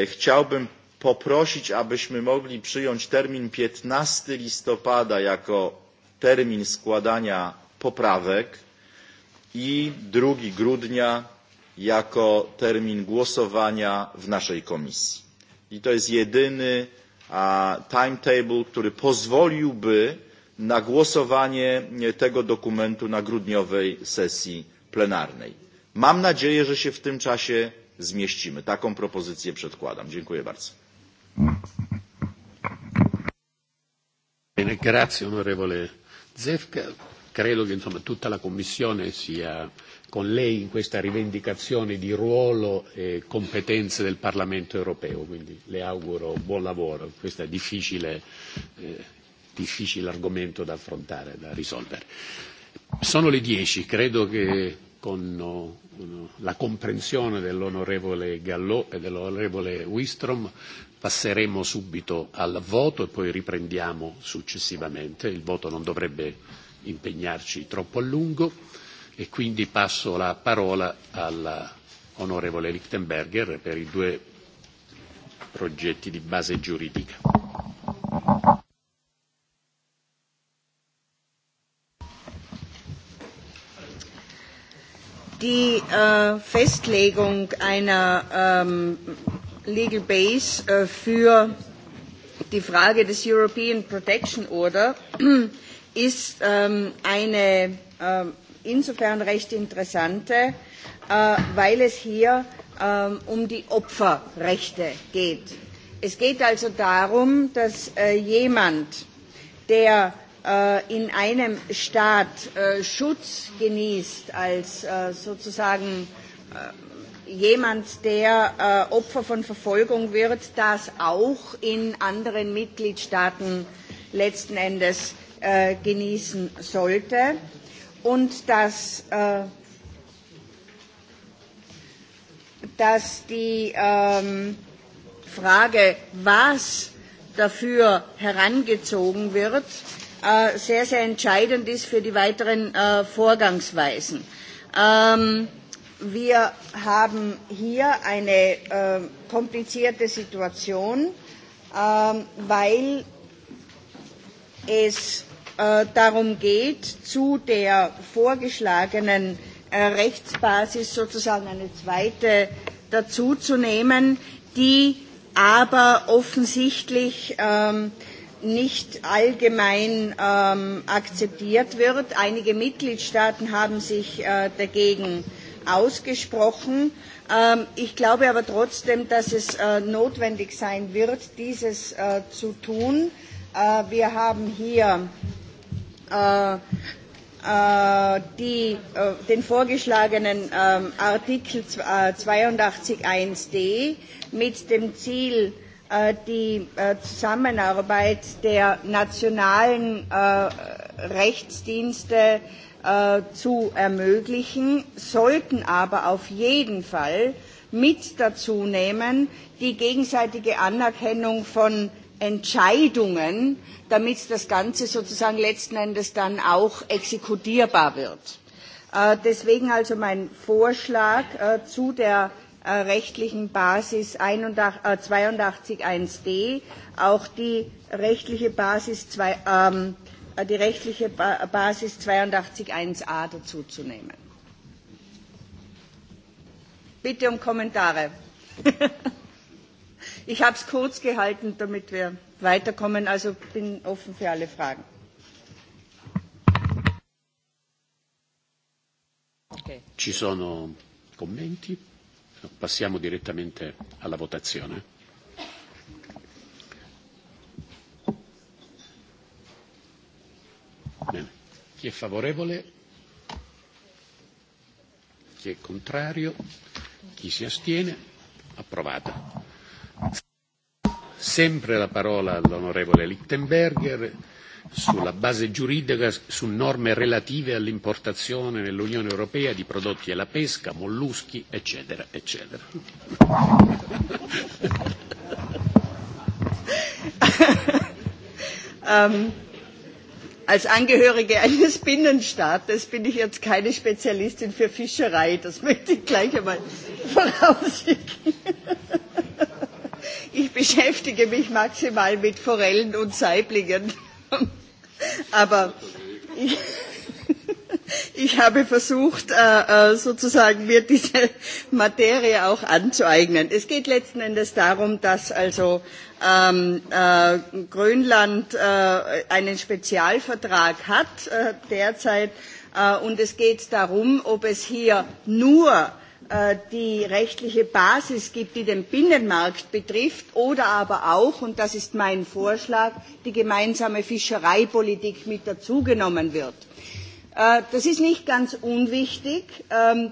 Chciałbym poprosić, abyśmy mogli przyjąć termin 15 listopada jako termin składania poprawek i 2 grudnia jako termin głosowania w naszej komisji. I to jest jedyny timetable, który pozwoliłby na głosowanie tego dokumentu na grudniowej sesji plenarnej. Mam nadzieję, że się w tym czasie zmieścimy. Taką propozycję przedkładam. Dziękuję bardzo. Grazie onorevole Zefka. Credo che insomma, tutta la Commissione sia con lei in questa rivendicazione di ruolo e competenze del Parlamento europeo, quindi le auguro buon lavoro in questa difficile eh, difficile argomento da affrontare, da risolvere. Sono le dieci, credo che con la comprensione dell'onorevole Gallò e dell'onorevole Wistrom passeremo subito al voto e poi riprendiamo successivamente. Il voto non dovrebbe impegnarci troppo a lungo e quindi passo la parola all'onorevole Lichtenberger per i due progetti di base giuridica. die äh, Festlegung einer ähm, Legal Base äh, für die Frage des European Protection Order ist ähm, eine äh, insofern recht interessante, äh, weil es hier äh, um die Opferrechte geht. Es geht also darum, dass äh, jemand, der in einem Staat Schutz genießt als sozusagen jemand, der Opfer von Verfolgung wird, das auch in anderen Mitgliedstaaten letzten Endes genießen sollte und dass, dass die Frage, was dafür herangezogen wird, sehr, sehr entscheidend ist für die weiteren Vorgangsweisen. Wir haben hier eine komplizierte Situation, weil es darum geht, zu der vorgeschlagenen Rechtsbasis sozusagen eine zweite dazuzunehmen, die aber offensichtlich äh, nicht allgemein ähm, akzeptiert wird. Einige Mitgliedstaaten haben sich äh, dagegen ausgesprochen. Ähm, ich glaube aber trotzdem, dass es äh, notwendig sein wird, dieses äh, zu tun. Äh, wir haben hier äh, die, den vorgeschlagenen Artikel 82.1d mit dem Ziel, die Zusammenarbeit der nationalen Rechtsdienste zu ermöglichen, sollten aber auf jeden Fall mit dazu nehmen die gegenseitige Anerkennung von Entscheidungen, damit das Ganze sozusagen letzten Endes dann auch exekutierbar wird. Deswegen also mein Vorschlag zu der rechtlichen Basis 82 1 d auch die rechtliche Basis, zwei, ähm, ba Basis a dazuzunehmen. Bitte um Kommentare. ich habe es kurz gehalten, damit wir weiterkommen, also bin offen für alle Fragen. Ci sono commenti? Passiamo direttamente alla votazione. Bene. Chi è favorevole? Chi è contrario? Chi si astiene? Approvata. Sempre la parola all'onorevole Lichtenberger sulla base giuridica su norme relative all'importazione nell'Unione Europea di prodotti della pesca, molluschi, eccetera, eccetera. als Angehörige eines Binnenstaates bin ich jetzt keine Spezialistin für Fischerei. Das möchte ich gleich einmal vorausschicken. Ich beschäftige mich maximal mit Forellen und Saiblingen Aber ich, ich habe versucht, sozusagen mir diese Materie auch anzueignen. Es geht letzten Endes darum, dass also ähm, äh, Grönland äh, einen Spezialvertrag hat äh, derzeit äh, und es geht darum, ob es hier nur die rechtliche Basis gibt, die den Binnenmarkt betrifft, oder aber auch, und das ist mein Vorschlag, die gemeinsame Fischereipolitik mit dazugenommen wird. Das ist nicht ganz unwichtig,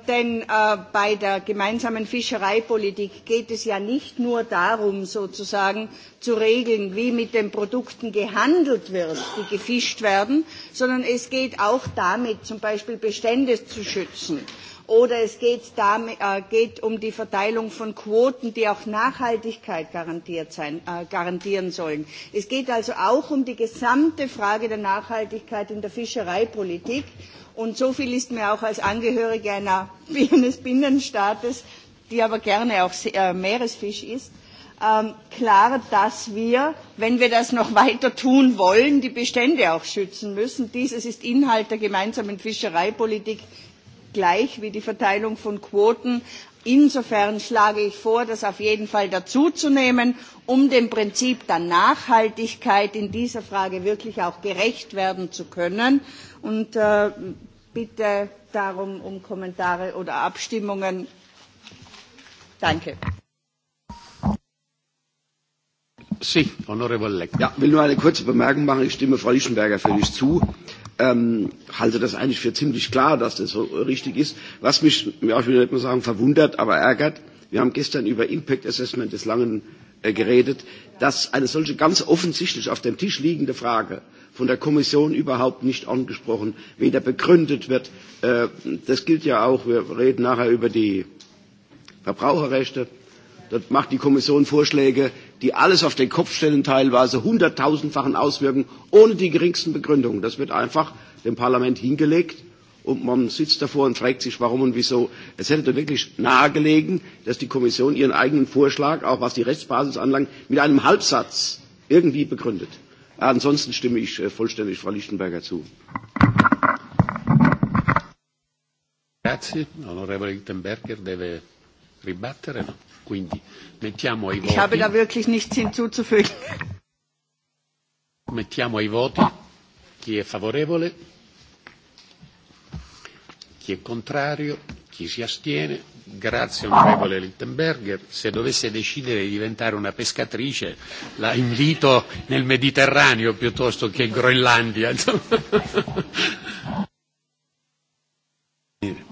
denn bei der gemeinsamen Fischereipolitik geht es ja nicht nur darum, sozusagen zu regeln, wie mit den Produkten gehandelt wird, die gefischt werden, sondern es geht auch damit, zum Beispiel Bestände zu schützen Oder es geht, um die Verteilung von Quoten, die auch Nachhaltigkeit garantieren sollen. Es geht also auch um die gesamte Frage der Nachhaltigkeit in der Fischereipolitik. Und so viel ist mir auch als Angehörige eines Binnenstaates, die aber gerne auch Meeresfisch isst, klar, dass wir, wenn wir das noch weiter tun wollen, die Bestände auch schützen müssen. Dies ist Inhalt der gemeinsamen Fischereipolitik gleich wie die Verteilung von Quoten. Insofern schlage ich vor, das auf jeden Fall dazuzunehmen, um dem Prinzip der Nachhaltigkeit in dieser Frage wirklich auch gerecht werden zu können. Und bitte darum um Kommentare oder Abstimmungen. Danke. Ich will nur eine kurze Bemerkung machen. Ich stimme Frau Lichtenberger völlig zu ähm, halte das eigentlich für ziemlich klar, dass das so richtig ist. Was mich, ja, ich will nicht mal sagen verwundert, aber ärgert, wir haben gestern über Impact Assessment des Langen äh, geredet, dass eine solche ganz offensichtlich auf dem Tisch liegende Frage von der Kommission überhaupt nicht angesprochen, weder begründet wird. Äh, das gilt ja auch, wir reden nachher über die Verbraucherrechte. Dort macht die Kommission Vorschläge, die alles auf den Kopf stellen, teilweise hunderttausendfachen Auswirkungen, ohne die geringsten Begründungen. Das wird einfach dem Parlament hingelegt und man sitzt davor und fragt sich, warum und wieso. Es hätte wirklich nahegelegen, dass die Kommission ihren eigenen Vorschlag, auch was die Rechtsbasis anlangt, mit einem Halbsatz irgendwie begründet. Ansonsten stimme ich vollständig Frau Lichtenberger zu. Grazie. Onorevole Lichtenberger deve ribattere. Quindi mettiamo ai voti. Ich habe da wirklich nichts hinzuzufügen. Mettiamo ai voti chi è favorevole, chi è contrario, chi si astiene. Grazie onorevole Littenberger. Se dovesse decidere di diventare una pescatrice la invito nel Mediterraneo piuttosto che in Groenlandia.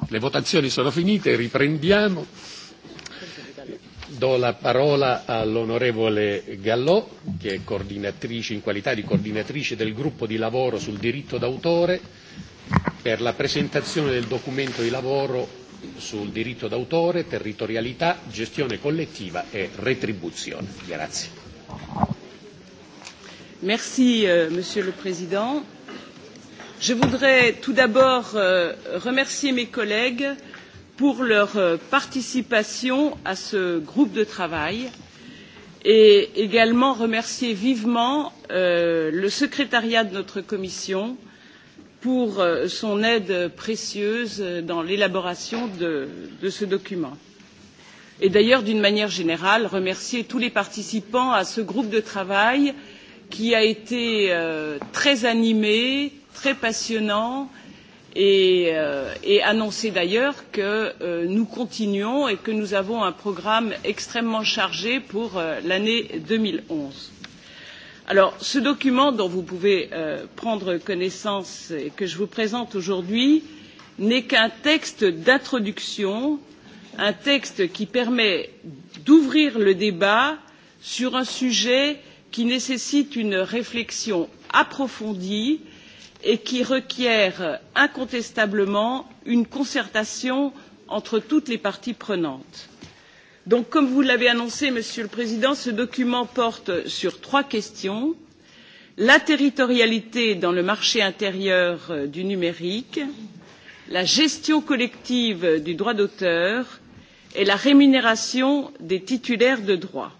Le votazioni sono finite, riprendiamo. Do la parola all'onorevole Gallò, che è coordinatrice, in qualità di coordinatrice del gruppo di lavoro sul diritto d'autore, per la presentazione del documento di lavoro sul diritto d'autore, territorialità, gestione collettiva e retribuzione. Grazie. Merci, Monsieur le Président. Je voudrais tout d'abord remercier mes collègues pour leur participation à ce groupe de travail et également remercier vivement le secrétariat de notre commission pour son aide précieuse dans l'élaboration de, ce document. Et d'ailleurs, d'une manière générale, remercier tous les participants à ce groupe de travail qui a été très animé, très passionnant, euh, et, annoncer d'ailleurs que nous continuons et que nous avons un programme extrêmement chargé pour l'année deux mille onze. Alors, ce document dont vous pouvez prendre connaissance et que je vous présente aujourd'hui n'est qu'un texte d'introduction, un texte qui permet d'ouvrir le débat sur un sujet qui nécessite une réflexion approfondie euh, et qui requièrent incontestablement une concertation entre toutes les parties prenantes. donc comme vous l'avez annoncé monsieur le président ce document porte sur trois questions la territorialité dans le marché intérieur du numérique la gestion collective du droit d'auteur et la rémunération des titulaires de droits.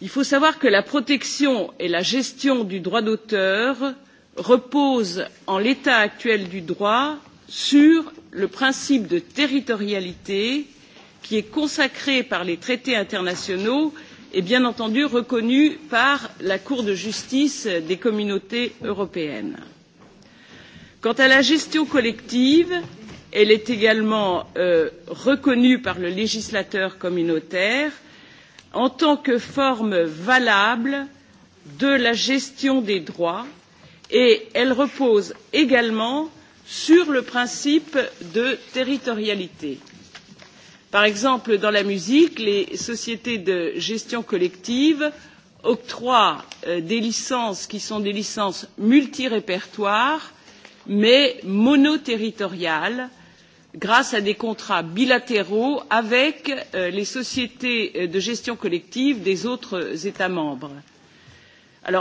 il faut savoir que la protection et la gestion du droit d'auteur repose en l'état actuel du droit sur le principe de territorialité qui est consacré par les traités internationaux et bien entendu reconnu par la Cour de justice des communautés européennes. Quant à la gestion collective, elle est également reconnue par le législateur communautaire en tant que forme valable de la gestion des droits et elle repose également sur le principe de territorialité. par exemple dans la musique les sociétés de gestion collective octroient des licences qui sont des licences multirépertoires mais monoterritoriales grâce à des contrats bilatéraux avec les sociétés de gestion collective des autres états membres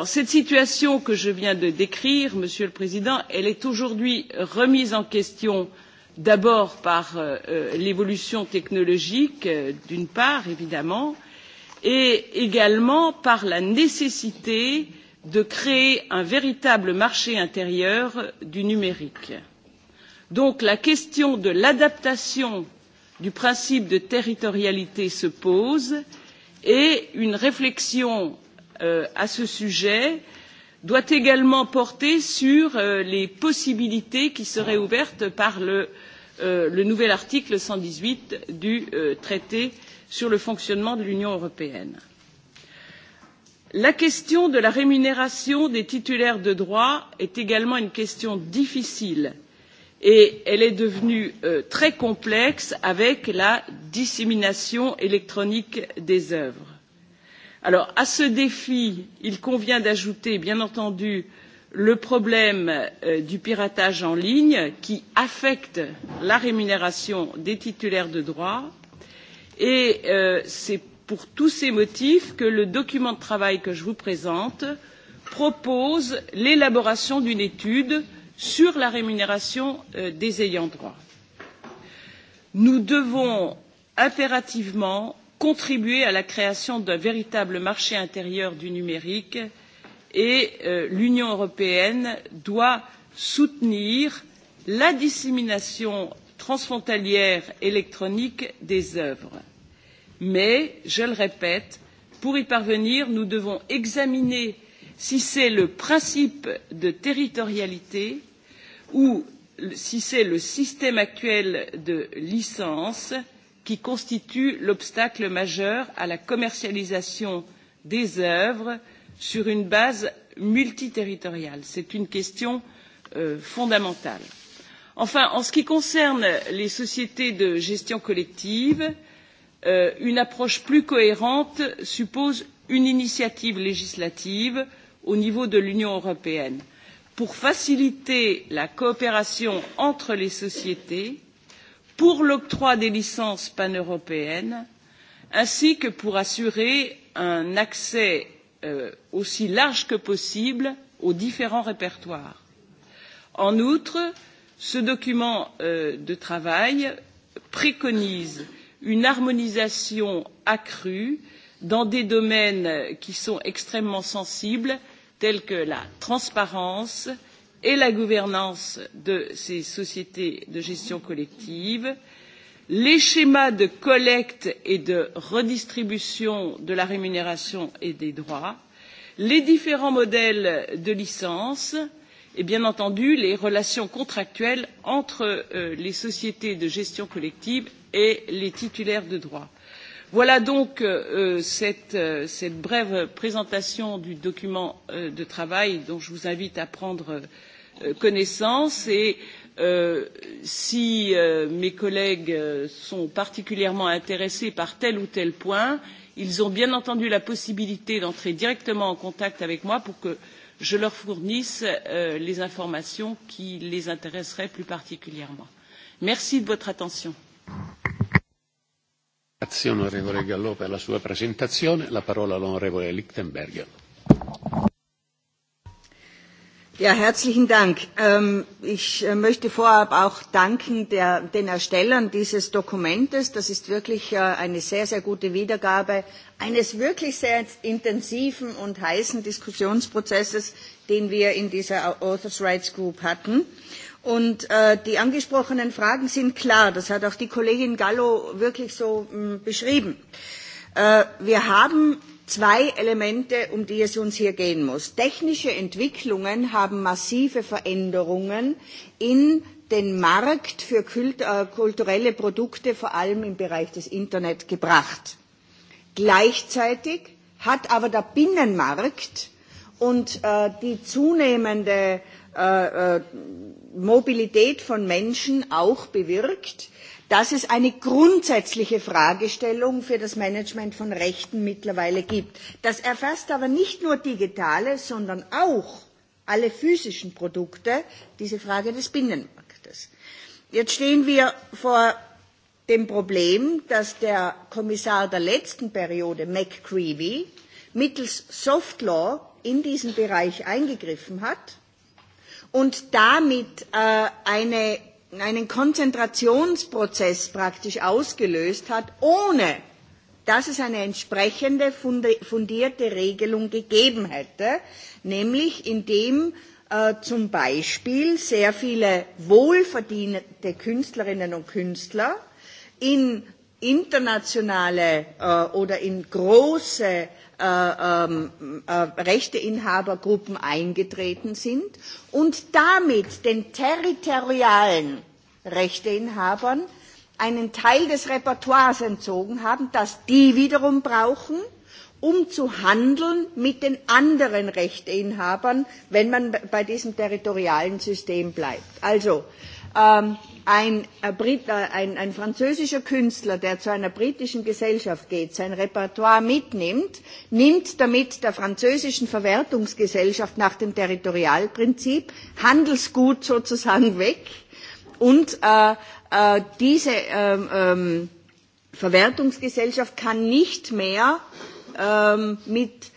cette situation que je viens de décrire monsieur le président est aujourd'hui remise en question d'abord par l'évolution technologique d'une part évidemment et également par la nécessité de créer un véritable marché intérieur du numérique. donc la question de l'adaptation du principe de territorialité se pose et une réflexion à ce sujet doit également porter sur les possibilités qui seraient ouvertes par le nouvel article cent dix huit du traité sur le fonctionnement de l'union européenne. la question de la rémunération des titulaires de droits est également une question difficile et elle est devenue très complexe avec la dissémination électronique des œuvres Alors, à ce défi, il convient d'ajouter, bien entendu, le problème du piratage en ligne qui affecte la rémunération des titulaires de droits et c'est pour tous ces motifs que le document de travail que je vous présente propose l'élaboration d'une étude sur la rémunération des ayants droit. Nous devons impérativement contribuer à la création d'un véritable marché intérieur du numérique et l'union européenne doit soutenir la dissémination transfrontalière électronique des œuvres. mais je le répète pour y parvenir nous devons examiner si c'est le principe de territorialité ou si c'est le système actuel de licence qui qui constitue l'obstacle majeur à la commercialisation des œuvres sur une base multiterritoriale. c'est une question fondamentale. enfin en ce qui concerne les sociétés de gestion collective une approche plus cohérente suppose une initiative législative au niveau de l'union européenne pour faciliter la coopération entre les sociétés pour l'octroi des licences paneuropéennes ainsi que pour assurer un accès aussi large que possible aux différents répertoires. en outre ce document de travail préconise une harmonisation accrue dans des domaines qui sont extrêmement sensibles tels que la transparence et la gouvernance de ces sociétés de gestion collective les schémas de collecte et de redistribution de la rémunération et des droits les différents modèles de licence et bien entendu les relations contractuelles entre les sociétés de gestion collective et les titulaires de droits voilà donc cette, brève présentation du document de travail dont je vous invite à prendre connaissance et si mes collègues sont particulièrement intéressés par tel ou tel point ils ont bien entendu la possibilité d'entrer directement en contact avec moi pour que je leur fournisse les informations qui les intéresseraient plus particulièrement. merci de votre attention. Grazie onorevole Gallò per la sua presentazione. La parola all'onorevole Lichtenberger. Ja, herzlichen Dank. Ich möchte vorab auch danken den Erstellern dieses Dokumentes. Das ist wirklich eine sehr, sehr gute Wiedergabe eines wirklich sehr intensiven und heißen Diskussionsprozesses, den wir in dieser Authors Rights Group hatten. Und äh, die angesprochenen Fragen sind klar. Das hat auch die Kollegin Gallo wirklich so mh, beschrieben. Äh, wir haben zwei Elemente, um die es uns hier gehen muss. Technische Entwicklungen haben massive Veränderungen in den Markt für kulturelle Produkte, vor allem im Bereich des Internet, gebracht. Gleichzeitig hat aber der Binnenmarkt und die zunehmende Mobilität von Menschen auch bewirkt, dass es eine grundsätzliche Fragestellung für das Management von Rechten mittlerweile gibt. Das erfasst aber nicht nur digitale, sondern auch alle physischen Produkte, diese Frage des Binnenmarktes. Jetzt stehen wir vor dem Problem, dass der Kommissar der letzten Periode, McCreevy, mittels Soft Law in diesen Bereich eingegriffen hat und damit einen Konzentrationsprozess praktisch ausgelöst hat, ohne dass es eine entsprechende fundierte Regelung gegeben hätte, nämlich indem zum Beispiel sehr viele wohlverdiente Künstlerinnen und Künstler in internationale oder in große Rechteinhabergruppen eingetreten sind und damit den territorialen Rechteinhabern einen Teil des Repertoires entzogen haben, das die wiederum brauchen, um zu handeln mit den anderen Rechteinhabern, wenn man bei diesem territorialen System bleibt. Also, ein, ein, ein französischer Künstler, der zu einer britischen Gesellschaft geht, sein Repertoire mitnimmt, nimmt damit der französischen Verwertungsgesellschaft nach dem Territorialprinzip Handelsgut sozusagen weg und äh, äh, diese ähm, Verwertungsgesellschaft kann nicht mehr ähm, mit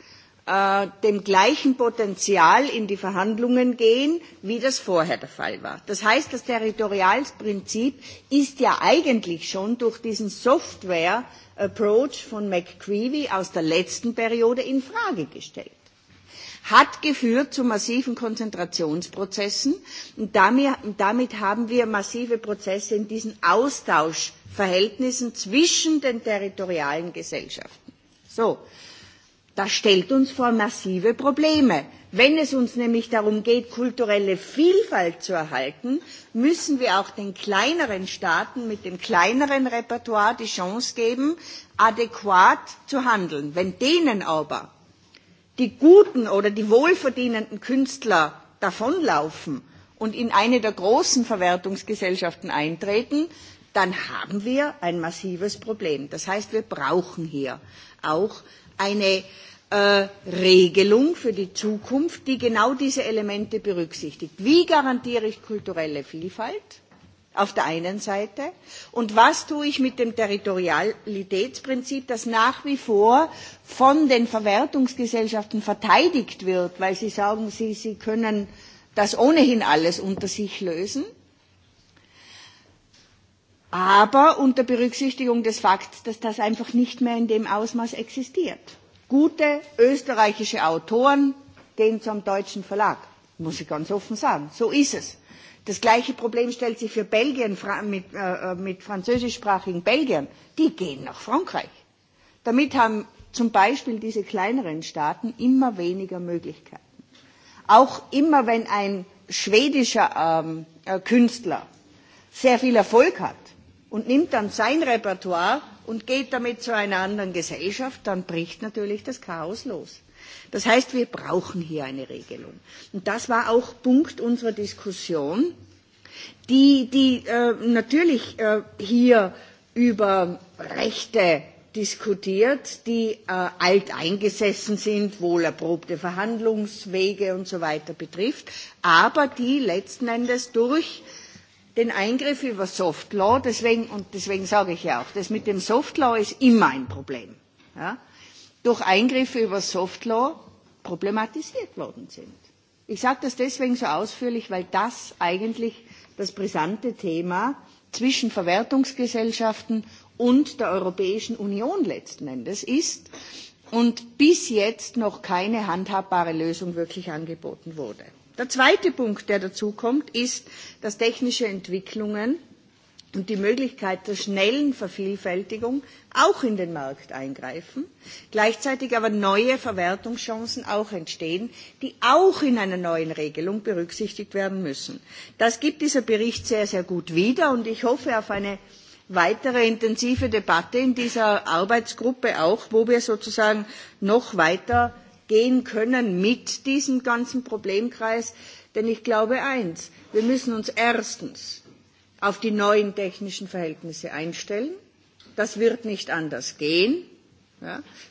dem gleichen Potenzial in die Verhandlungen gehen, wie das vorher der Fall war. Das heißt, das Territorialprinzip ist ja eigentlich schon durch diesen Software Approach von McCreevy aus der letzten Periode in Frage gestellt hat geführt zu massiven Konzentrationsprozessen und damit haben wir massive Prozesse in diesen Austauschverhältnissen zwischen den territorialen Gesellschaften. So, Das stellt uns vor massive Probleme. Wenn es uns nämlich darum geht, kulturelle Vielfalt zu erhalten, müssen wir auch den kleineren Staaten mit dem kleineren Repertoire die Chance geben, adäquat zu handeln. Wenn denen aber die guten oder die wohlverdienenden Künstler davonlaufen und in eine der großen Verwertungsgesellschaften eintreten, dann haben wir ein massives Problem. Das heißt, wir brauchen hier auch eine Regelung für die Zukunft, die genau diese Elemente berücksichtigt. Wie garantiere ich kulturelle Vielfalt auf der einen Seite und was tue ich mit dem Territorialitätsprinzip, das nach wie vor von den Verwertungsgesellschaften verteidigt wird, weil sie sagen, sie, sie können das ohnehin alles unter sich lösen? aber unter Berücksichtigung des Fakts, dass das einfach nicht mehr in dem Ausmaß existiert gute österreichische Autoren gehen zum deutschen Verlag. Muss ich ganz offen sagen. So ist es. Das gleiche Problem stellt sich für Belgien mit, äh, mit französischsprachigen Belgiern. Die gehen nach Frankreich. Damit haben zum Beispiel diese kleineren Staaten immer weniger Möglichkeiten. Auch immer wenn ein schwedischer ähm, Künstler sehr viel Erfolg hat und nimmt dann sein Repertoire und geht damit zu einer anderen Gesellschaft, dann bricht natürlich das Chaos los. Das heißt, wir brauchen hier eine Regelung. Und das war auch Punkt unserer Diskussion, die, die äh, natürlich äh, hier über Rechte diskutiert, die äh, alteingesessen sind, wohl erprobte Verhandlungswege und so weiter betrifft, aber die letzten Endes durch äh, den Eingriff über Soft Law, deswegen, und deswegen sage ich ja auch, das mit dem Soft Law ist immer ein Problem, ja, durch Eingriffe über Soft Law problematisiert worden sind. Ich sage das deswegen so ausführlich, weil das eigentlich das brisante Thema zwischen Verwertungsgesellschaften und der Europäischen Union letzten Endes ist und bis jetzt noch keine handhabbare Lösung wirklich angeboten wurde. Der zweite Punkt, der dazukommt, ist, dass technische Entwicklungen und die Möglichkeit der schnellen Vervielfältigung auch in den Markt eingreifen, gleichzeitig aber neue Verwertungschancen auch entstehen, die auch in einer neuen Regelung berücksichtigt werden müssen. Das gibt dieser Bericht sehr, sehr gut wieder und ich hoffe auf eine weitere intensive Debatte in dieser Arbeitsgruppe auch, wo wir sozusagen noch weiter gehen können mit diesem ganzen Problemkreis. Denn ich glaube eins, wir müssen uns erstens auf die neuen technischen Verhältnisse einstellen. Das wird nicht anders gehen.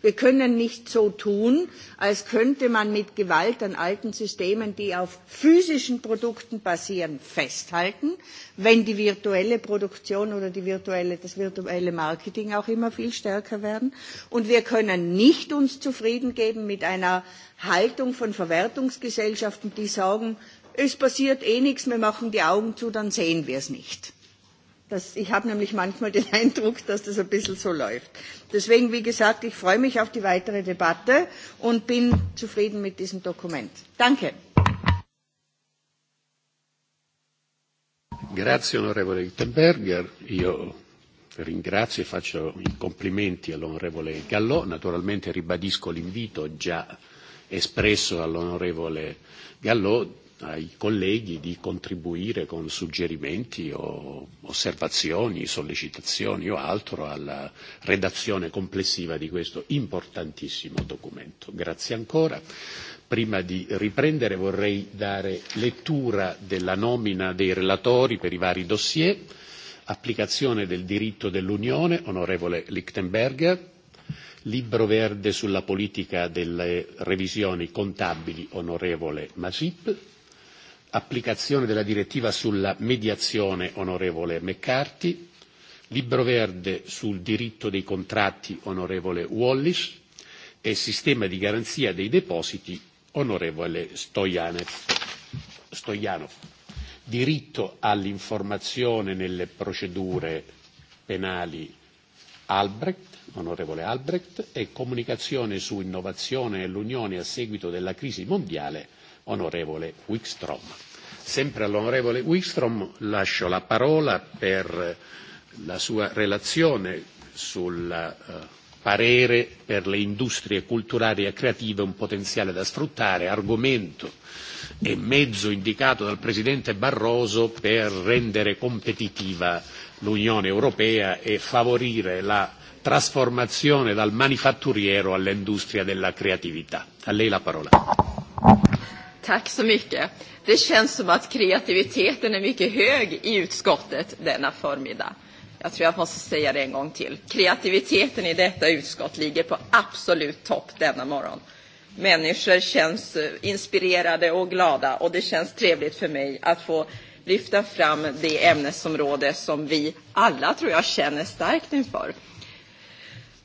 Wir können nicht so tun, als könnte man mit Gewalt an alten Systemen, die auf physischen Produkten basieren, festhalten, wenn die virtuelle Produktion oder das virtuelle Marketing auch immer viel stärker werden. Und wir können nicht uns zufrieden geben mit einer Haltung von Verwertungsgesellschaften, die sagen, es passiert eh nichts, wir machen die Augen zu, dann sehen wir es nicht Das, ich habe nämlich manchmal den Eindruck, dass das ein bisschen so läuft. Deswegen, wie gesagt, ich freue mich auf die weitere Debatte und bin zufrieden mit diesem Dokument. Danke. Grazie onorevole Wittenberger. Io ringrazio e faccio i complimenti all'onorevole Gallò. Naturalmente ribadisco l'invito già espresso all'onorevole Gallò ai colleghi di contribuire con suggerimenti o osservazioni, sollecitazioni o altro alla redazione complessiva di questo importantissimo documento. Grazie ancora. Prima di riprendere vorrei dare lettura della nomina dei relatori per i vari dossier. Applicazione del diritto dell'Unione, onorevole Lichtenberger. Libro verde sulla politica delle revisioni contabili, onorevole Masip applicazione della direttiva sulla mediazione, onorevole McCarthy, libro verde sul diritto dei contratti, onorevole Wallis, e sistema di garanzia dei depositi, onorevole Stojanov. Diritto all'informazione nelle procedure penali Albrecht, onorevole Albrecht, e comunicazione su innovazione e l'Unione a seguito della crisi mondiale, onorevole Sempre all'onorevole Wikstrom lascio la parola per la sua relazione sul parere per le industrie culturali e creative un potenziale da sfruttare, argomento e mezzo indicato dal Presidente Barroso per rendere competitiva l'Unione Europea e favorire la trasformazione dal manifatturiero all'industria della creatività. A lei la parola. Tack så mycket. Det känns som att kreativiteten är mycket hög i utskottet denna förmiddag. Jag tror jag måste säga det en gång till. Kreativiteten i detta utskott ligger på absolut topp denna morgon. Människor känns inspirerade och glada och det känns trevligt för mig att få lyfta fram det ämnesområde som vi alla, tror jag, känner starkt inför.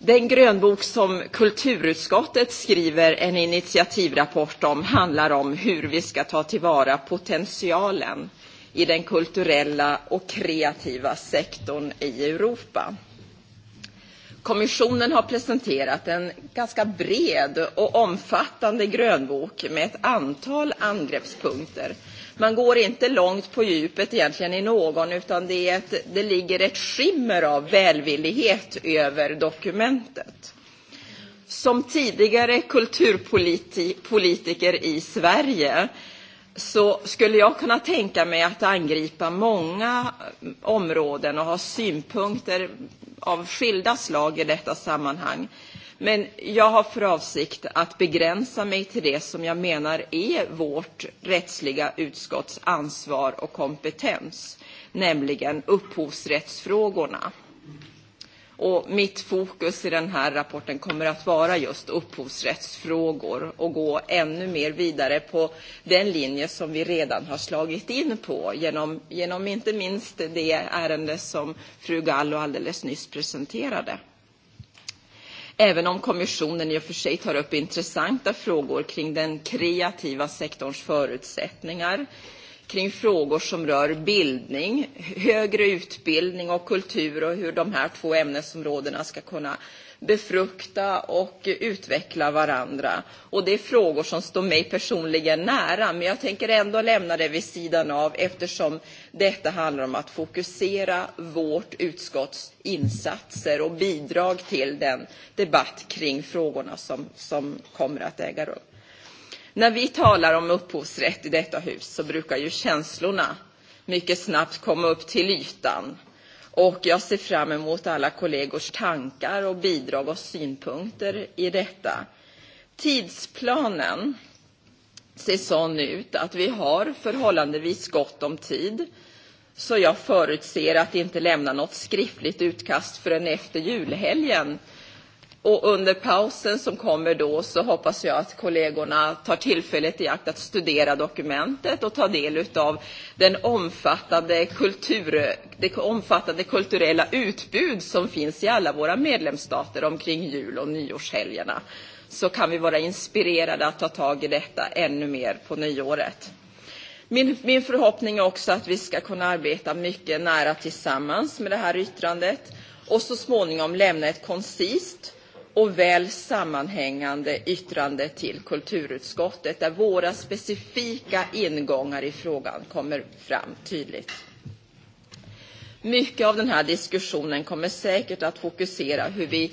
Den grönbok som kulturutskottet skriver en initiativrapport om handlar om hur vi ska ta tillvara potentialen i den kulturella och kreativa sektorn i Europa. Kommissionen har presenterat en ganska bred och omfattande grönbok med ett antal angreppspunkter Man går inte långt på djupet egentligen i någon utan det, är ett, det ligger ett skimmer av välvillighet över dokumentet. Som tidigare kulturpolitiker i Sverige så skulle jag kunna tänka mig att angripa många områden och ha synpunkter av skilda slag i detta sammanhang. Men jag har för avsikt att begränsa mig till det som jag menar är vårt rättsliga utskotts ansvar och kompetens, nämligen upphovsrättsfrågorna. Och mitt fokus i den här rapporten kommer att vara just upphovsrättsfrågor och gå ännu mer vidare på den linje som vi redan har slagit in på genom, genom inte minst det ärende som fru Gallo alldeles nyss presenterade. Även om kommissionen i och för sig tar upp intressanta frågor kring den kreativa sektorns förutsättningar, kring frågor som rör bildning, högre utbildning och kultur och hur de här två ämnesområdena ska kunna befrukta och utveckla varandra. Och det är frågor som står mig personligen nära, men jag tänker ändå lämna det vid sidan av eftersom detta handlar om att fokusera vårt utskotts insatser och bidrag till den debatt kring frågorna som, som kommer att äga rum. När vi talar om upphovsrätt i detta hus så brukar ju känslorna mycket snabbt komma upp till ytan Och jag ser fram emot alla kollegors tankar och bidrag och synpunkter i detta. Tidsplanen ser sån ut att vi har förhållandevis gott om tid. Så jag förutser att inte lämna något skriftligt utkast förrän efter julhelgen Och under pausen som kommer då så hoppas jag att kollegorna tar tillfället i akt att studera dokumentet och ta del av den omfattande kultur, det omfattande kulturella utbud som finns i alla våra medlemsstater omkring jul och nyårshelgerna. Så kan vi vara inspirerade att ta tag i detta ännu mer på nyåret. Min, min förhoppning är också att vi ska kunna arbeta mycket nära tillsammans med det här yttrandet och så småningom lämna ett koncist och väl sammanhängande yttrande till kulturutskottet där våra specifika ingångar i frågan kommer fram tydligt. Mycket av den här diskussionen kommer säkert att fokusera hur vi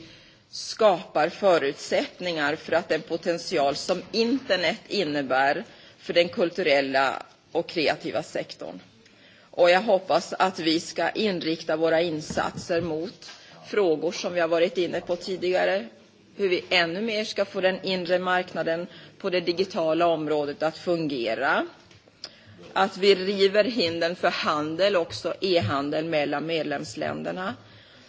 skapar förutsättningar för att den potential som internet innebär för den kulturella och kreativa sektorn. Och jag hoppas att vi ska inrikta våra insatser mot frågor som vi har varit inne på tidigare. Hur vi ännu mer ska få den inre marknaden på det digitala området att fungera. Att vi river hindren för handel, också e-handel mellan medlemsländerna.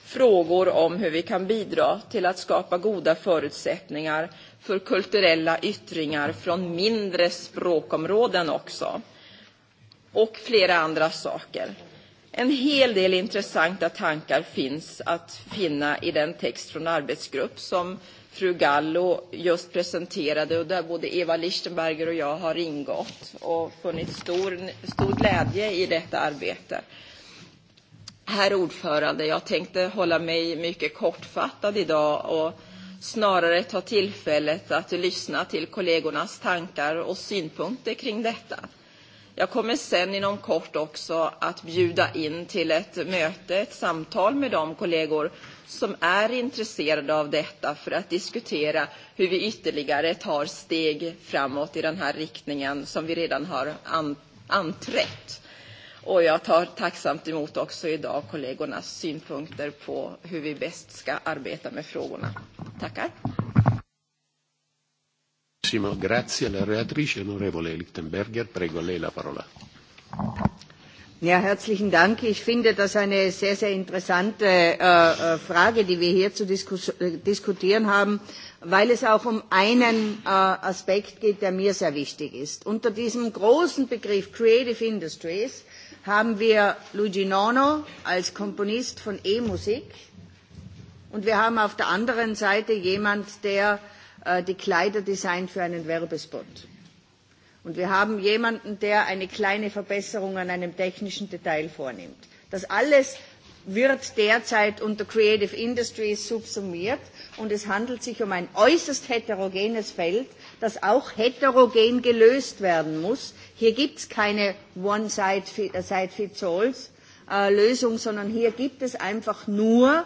Frågor om hur vi kan bidra till att skapa goda förutsättningar för kulturella yttringar från mindre språkområden också. Och flera andra saker. En hel del intressanta tankar finns att finna i den text från arbetsgrupp som fru Gallo just presenterade och där både Eva Lichtenberger och jag har ingått och funnit stor, stor glädje i detta arbete. Herr ordförande, jag tänkte hålla mig mycket kortfattad idag och snarare ta tillfället att lyssna till kollegornas tankar och synpunkter kring detta. Jag kommer sen inom kort också att bjuda in till ett möte, ett samtal med de kollegor som är intresserade av detta för att diskutera hur vi ytterligare tar steg framåt i den här riktningen som vi redan har anträtt. Och jag tar tacksamt emot också idag kollegornas synpunkter på hur vi bäst ska arbeta med frågorna. Tackar! Grazie alla relatrice, onorevole Lichtenberger. Prego, lei la parola. Ja, herzlichen Dank. Ich finde das eine sehr, sehr interessante äh, Frage, die wir hier zu diskutieren haben, weil es auch um einen äh, Aspekt geht, der mir sehr wichtig ist. Unter diesem großen Begriff Creative Industries haben wir Luigi Nono als Komponist von E-Musik und wir haben auf der anderen Seite jemand, der äh, die Kleider designt für einen Werbespot. Und wir haben jemanden, der eine kleine Verbesserung an einem technischen Detail vornimmt. Das alles wird derzeit unter Creative Industries subsumiert und es handelt sich um ein äußerst heterogenes Feld, das auch heterogen gelöst werden muss. Hier gibt es keine One-Size-Fits-Alls-Lösung, sondern hier gibt es einfach nur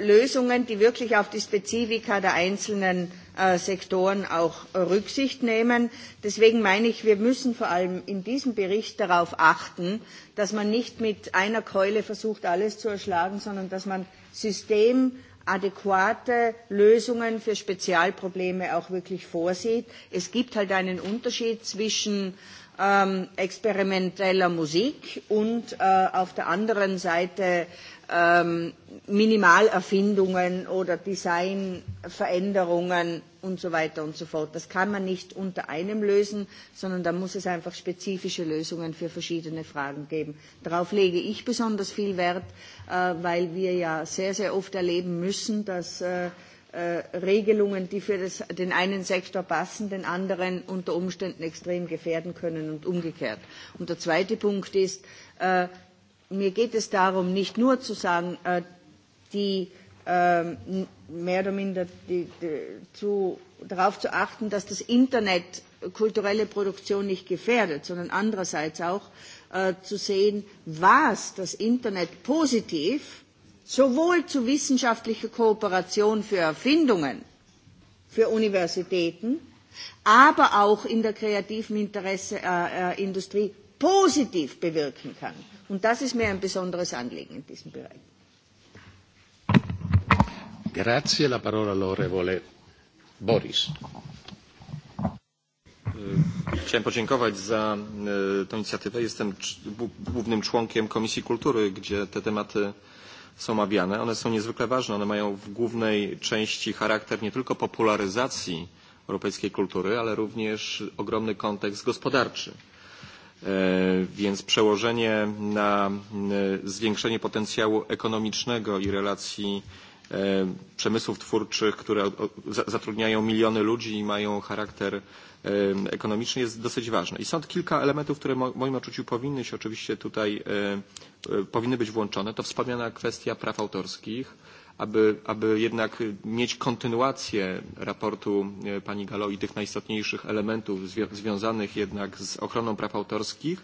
Lösungen, die wirklich auf die Spezifika der einzelnen Sektoren auch Rücksicht nehmen. Deswegen meine ich, wir müssen vor allem in diesem Bericht darauf achten, dass man nicht mit einer Keule versucht, alles zu erschlagen, sondern dass man systemadäquate Lösungen für Spezialprobleme auch wirklich vorsieht. Es gibt halt einen Unterschied zwischen experimenteller Musik und auf der anderen Seite Minimalerfindungen oder Designveränderungen und so weiter und so fort. Das kann man nicht unter einem lösen, sondern da muss es einfach spezifische Lösungen für verschiedene Fragen geben. Darauf lege ich besonders viel Wert, weil wir ja sehr, sehr oft erleben müssen, dass Regelungen, die für den einen Sektor passen, den anderen unter Umständen extrem gefährden können und umgekehrt. Und der zweite Punkt ist, mir geht es darum, nicht nur zu sagen, die mehr oder minder die, die, zu, darauf zu achten, dass das Internet kulturelle Produktion nicht gefährdet, sondern andererseits auch äh, zu sehen, was das Internet positiv sowohl zu wissenschaftlicher Kooperation für Erfindungen, für Universitäten, aber auch in der kreativen Interesse, äh, äh, Industrie positiv bewirken kann. Und das ist mir ein besonderes Anliegen in diesem Bereich. Grazie, la parola all'onorevole Boris. Chciałem podziękować za tę inicjatywę. Jestem głównym członkiem Komisji Kultury, gdzie te tematy są omawiane. One są niezwykle ważne. One mają w głównej części charakter nie tylko popularyzacji europejskiej kultury, ale również ogromny kontekst gospodarczy Więc przełożenie na zwiększenie potencjału ekonomicznego i relacji przemysłów twórczych, które zatrudniają miliony ludzi i mają charakter ekonomiczny jest dosyć ważne. I są kilka elementów, które w moim odczuciu powinny się oczywiście tutaj powinny być włączone. To wspomniana kwestia praw autorskich aby, aby jednak mieć kontynuację raportu pani Galo i tych najistotniejszych elementów związanych jednak z ochroną praw autorskich,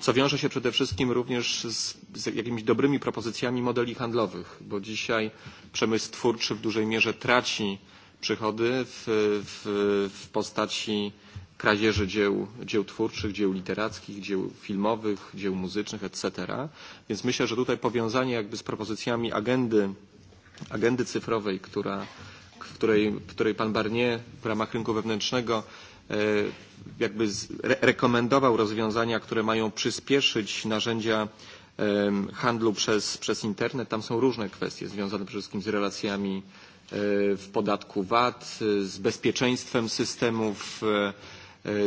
co wiąże się przede wszystkim również z, z jakimiś dobrymi propozycjami modeli handlowych, bo dzisiaj przemysł twórczy w dużej mierze traci przychody w, w, w postaci kradzieży dzieł, dzieł twórczych, dzieł literackich, dzieł filmowych, dzieł muzycznych, etc. Więc myślę, że tutaj powiązanie jakby z propozycjami agendy agendy cyfrowej, która, w, której, w której pan Barnier w ramach rynku wewnętrznego jakby rekomendował rozwiązania, które mają przyspieszyć narzędzia handlu przez, przez internet. Tam są różne kwestie związane przede wszystkim z relacjami w podatku VAT, z bezpieczeństwem systemów,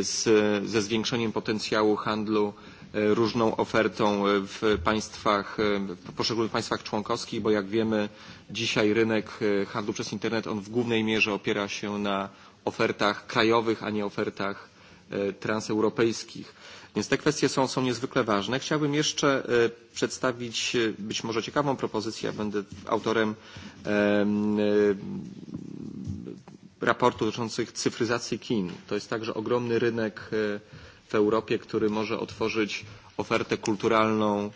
z, ze zwiększeniem potencjału handlu różną ofertą w państwach, w poszczególnych państwach członkowskich, bo jak wiemy dzisiaj rynek handlu przez internet on w głównej mierze opiera się na ofertach krajowych, a nie ofertach transeuropejskich. Więc te kwestie są, są niezwykle ważne. Chciałbym jeszcze przedstawić być może ciekawą propozycję. Ja będę autorem raportu dotyczących cyfryzacji kin. To jest także ogromny rynek w Europie, który może otworzyć ofertę kulturalną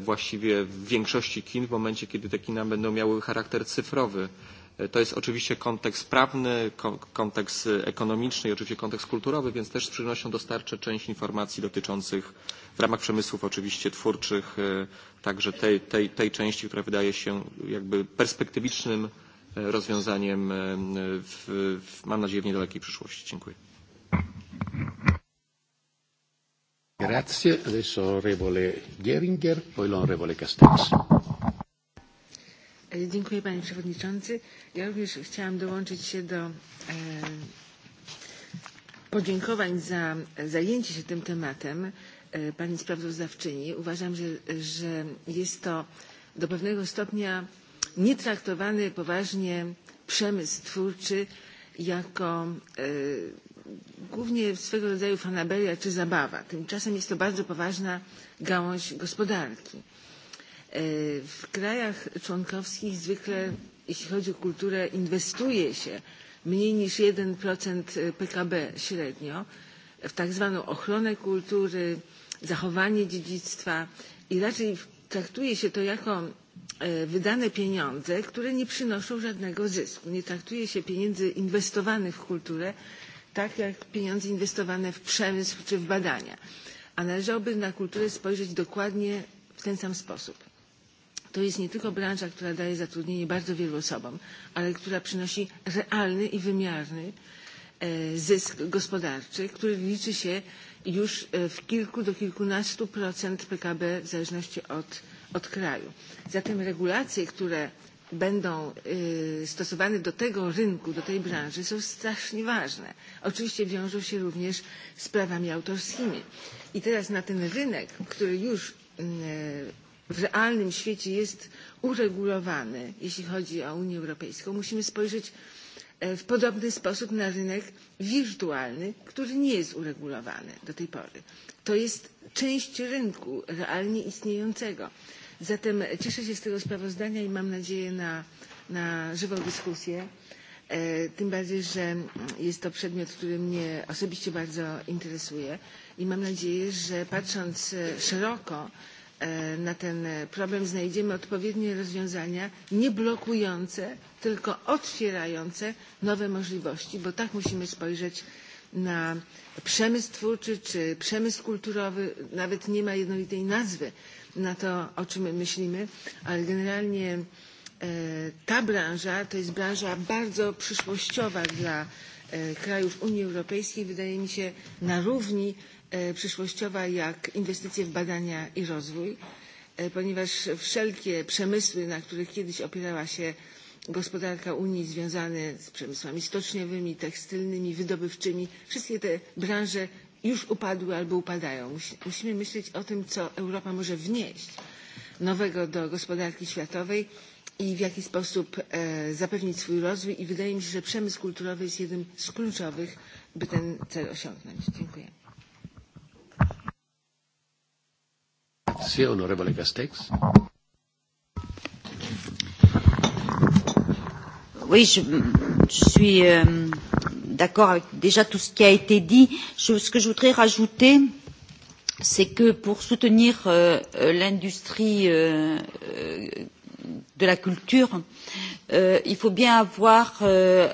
właściwie w większości kin w momencie, kiedy te kina będą miały charakter cyfrowy. To jest oczywiście kontekst prawny, kontekst ekonomiczny i oczywiście kontekst kulturowy, więc też z przyjemnością dostarczę część informacji dotyczących w ramach przemysłów oczywiście twórczych, także tej, tej, tej części, która wydaje się jakby perspektywicznym rozwiązaniem, w, w, mam nadzieję, w niedalekiej przyszłości. Dziękuję. Grazie. Adesso onorevole Geringer, poi l'onorevole Dziękuję panie przewodniczący. Ja również chciałam dołączyć się do podziękowań za zajęcie się tym tematem pani sprawozdawczyni. Uważam, że, że jest to do pewnego stopnia nietraktowany poważnie przemysł twórczy jako głównie swego rodzaju fanaberia czy zabawa. Tymczasem jest to bardzo poważna gałąź gospodarki. W krajach członkowskich zwykle, jeśli chodzi o kulturę, inwestuje się mniej niż 1% PKB średnio w tak zwaną ochronę kultury, zachowanie dziedzictwa i raczej traktuje się to jako wydane pieniądze, które nie przynoszą żadnego zysku. Nie traktuje się pieniędzy inwestowanych w kulturę tak jak pieniądze inwestowane w przemysł czy w badania. A należałoby na kulturę spojrzeć dokładnie w ten sam sposób. To jest nie tylko branża, która daje zatrudnienie bardzo wielu osobom, ale która przynosi realny i wymiarny zysk gospodarczy, który liczy się już w kilku do kilkunastu procent PKB w zależności od, kraju. Zatem regulacje, które będą stosowane do tego rynku, do tej branży są strasznie ważne. Oczywiście wiążą się również z prawami autorskimi. I teraz na ten rynek, który już w realnym świecie jest uregulowany, jeśli chodzi o Unię Europejską, musimy spojrzeć w podobny sposób na rynek wirtualny, który nie jest uregulowany do tej pory. To jest część rynku realnie istniejącego Zatem cieszę się z tego sprawozdania i mam nadzieję na, na żywą dyskusję. Tym bardziej, że jest to przedmiot, który mnie osobiście bardzo interesuje i mam nadzieję, że patrząc szeroko na ten problem znajdziemy odpowiednie rozwiązania, nie blokujące, tylko otwierające nowe możliwości, bo tak musimy spojrzeć na przemysł twórczy czy przemysł kulturowy, nawet nie ma jednolitej nazwy na to, o czym myślimy, ale generalnie ta branża to jest branża bardzo przyszłościowa dla krajów Unii Europejskiej, wydaje mi się na równi przyszłościowa jak inwestycje w badania i rozwój, ponieważ wszelkie przemysły, na których kiedyś opierała się gospodarka Unii związane z przemysłami stoczniowymi, tekstylnymi, wydobywczymi, wszystkie te branże już upadły albo upadają. Musimy myśleć o tym, co Europa może wnieść nowego do gospodarki światowej i w jaki sposób zapewnić swój rozwój i wydaje mi się, że przemysł kulturowy jest jednym z kluczowych, by ten cel osiągnąć. Dziękuję. Oui, je, je suis euh, d'accord avec déjà tout ce qui a été dit. ce que je voudrais rajouter, c'est que pour soutenir l'industrie de la culture, il faut bien avoir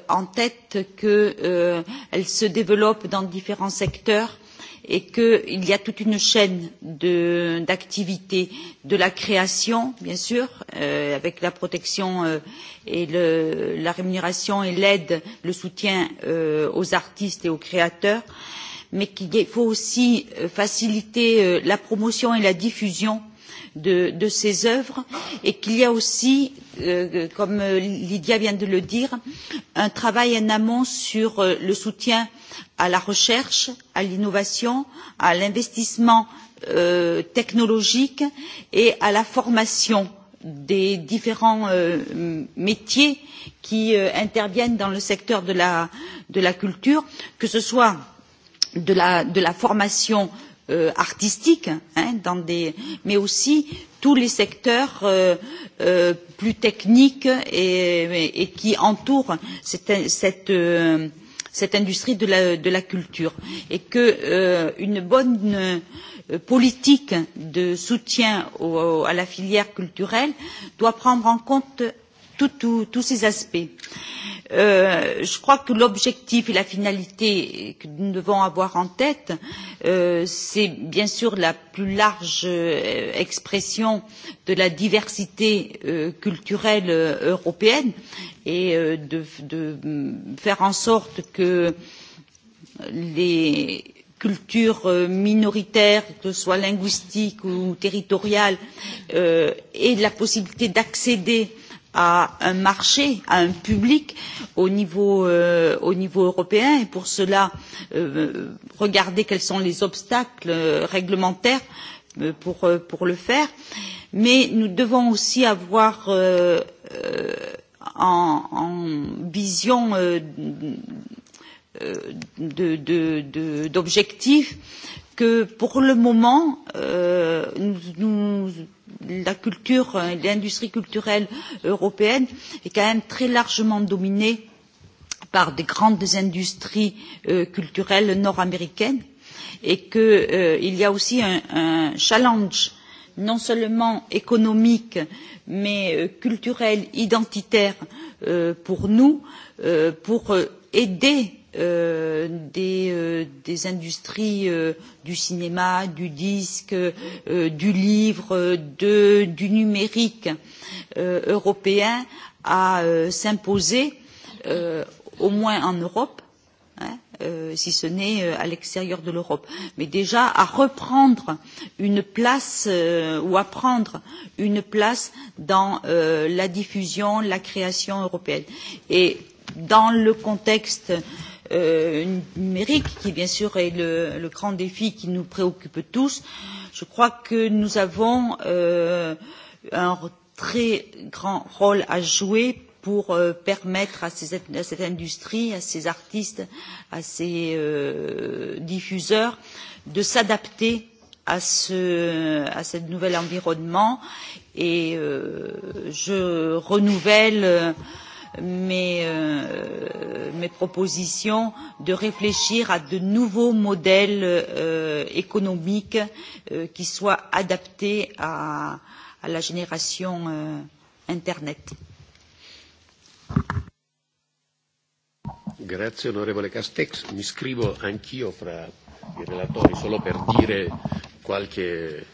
en tête qu'elle se développe dans différents secteurs et qu'il y a toute une chaîne d'activités, de, la création, bien sûr, avec la protection et la rémunération et l'aide, le soutien aux artistes et aux créateurs, mais qu'il faut aussi faciliter la promotion et la diffusion de, ces œuvres et qu'il y a aussi, comme Lydia vient de le dire, un travail en amont sur le soutien à la recherche, à l'innovation, à l'investissement technologique et à la formation des différents métiers qui interviennent dans le secteur de la, culture, que ce soit de la, formation artistique, mais aussi tous les secteurs plus techniques et, qui entourent cette, industrie de la, culture. Et qu'une bonne politique de soutien à la filière culturelle doit prendre en compte tous ces aspects. je crois que l'objectif et la finalité que nous devons avoir en tête, c'est bien sûr la plus large expression de la diversité culturelle européenne et de, faire en sorte que les cultures minoritaires, que ce soit linguistiques ou territoriales, aient la possibilité d'accéder à un marché, à un public au niveau, européen et pour cela regarder quels sont les obstacles réglementaires pour, le faire. Mais nous devons aussi avoir en, vision d'objectifs que pour le moment la culture l'industrie culturelle européenne est quand même très largement dominée par de grandes industries culturelles nord américaines et qu'il y a aussi un challenge non seulement économique mais culturel identitaire pour nous pour aider des, industries du cinéma, du disque, du livre, du numérique européen à s'imposer, au moins en Europe, si ce n'est à l'extérieur de l'Europe, mais déjà à reprendre une place ou à prendre une place dans la diffusion, la création européenne. Et dans le contexte euh, numérique, qui bien sûr est le, grand défi qui nous préoccupe tous, je crois que nous avons un très grand rôle à jouer pour permettre à, cette industrie, à ces artistes, à ces diffuseurs de s'adapter à ce, à ce nouvel environnement et je renouvelle euh, mes, propositions de réfléchir à de nouveaux modèles économiques qui soient adaptés à, la génération Internet. Grazie onorevole Castex, mi scrivo anch'io fra i relatori solo per dire qualche,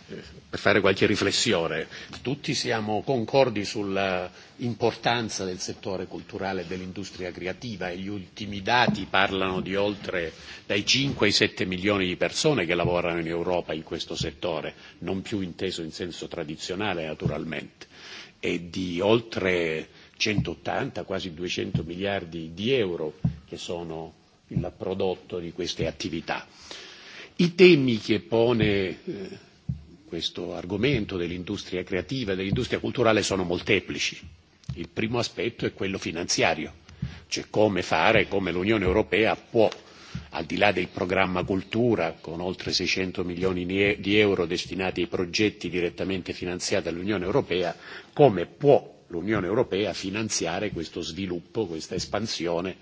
per fare qualche riflessione. Tutti siamo concordi sull'importanza del settore culturale e dell'industria creativa e gli ultimi dati parlano di oltre dai 5 ai 7 milioni di persone che lavorano in Europa in questo settore, non più inteso in senso tradizionale naturalmente, e di oltre 180, quasi 200 miliardi di euro che sono il prodotto di queste attività I temi che pone questo argomento dell'industria creativa e dell'industria culturale sono molteplici. Il primo aspetto è quello finanziario, cioè come fare, come l'Unione Europea può, al di là del programma cultura, con oltre 600 milioni di euro destinati ai progetti direttamente finanziati dall'Unione Europea, come può l'Unione Europea finanziare questo sviluppo, questa espansione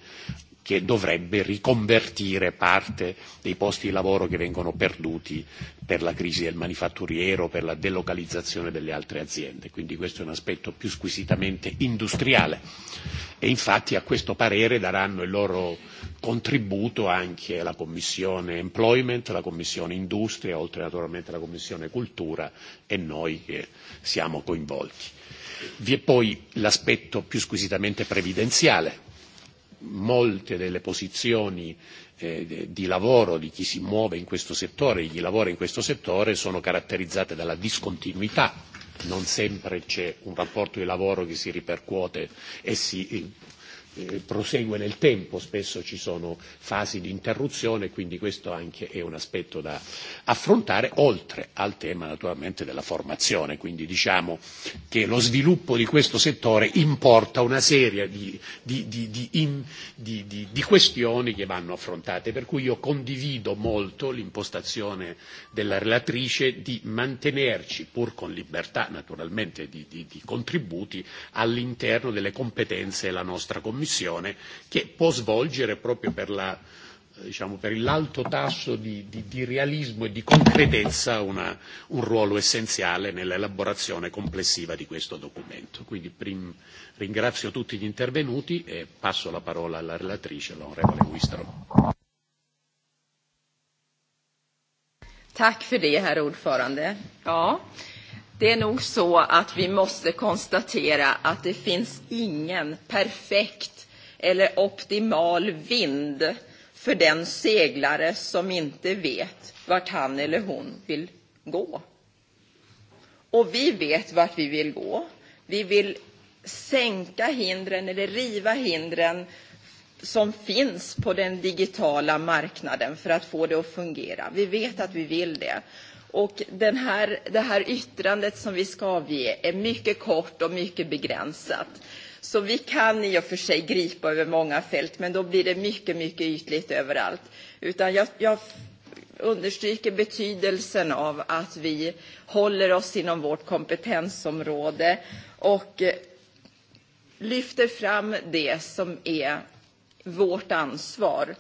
che dovrebbe riconvertire parte dei posti di lavoro che vengono perduti per la crisi del manifatturiero, per la delocalizzazione delle altre aziende. Quindi questo è un aspetto più squisitamente industriale e infatti a questo parere daranno il loro contributo anche la Commissione Employment, la Commissione Industria, oltre naturalmente la Commissione Cultura e noi che siamo coinvolti. Vi è poi l'aspetto più squisitamente previdenziale molte delle posizioni di lavoro di chi si muove in questo settore, di chi lavora in questo settore, sono caratterizzate dalla discontinuità. Non sempre c'è un rapporto di lavoro che si ripercuote e si prosegue nel tempo, spesso ci sono fasi di interruzione, quindi questo anche è un aspetto da affrontare, oltre al tema naturalmente della formazione, quindi diciamo che lo sviluppo di questo settore importa una serie di, di, di, di, in, di, di, di questioni che vanno affrontate, per cui io condivido molto l'impostazione della relatrice di mantenerci, pur con libertà naturalmente di, di, di contributi, all'interno delle competenze della nostra Commissione Commissione che può svolgere proprio per la diciamo, per l'alto tasso di, di, di realismo e di concretezza una, un ruolo essenziale nell'elaborazione complessiva di questo documento. Quindi prim, ringrazio tutti gli intervenuti e passo la parola alla relatrice, l'onorevole Wistrom. Det är nog så att vi måste konstatera att det finns ingen perfekt eller optimal vind för den seglare som inte vet vart han eller hon vill gå. Och vi vet vart vi vill gå. Vi vill sänka hindren eller riva hindren som finns på den digitala marknaden för att få det att fungera. Vi vet att vi vill det. Och den här, det här yttrandet som vi ska avge är mycket kort och mycket begränsat. Så vi kan i och för sig gripa över många fält, men då blir det mycket, mycket ytligt överallt. Utan jag, jag understryker betydelsen av att vi håller oss inom vårt kompetensområde och lyfter fram det som är vårt ansvar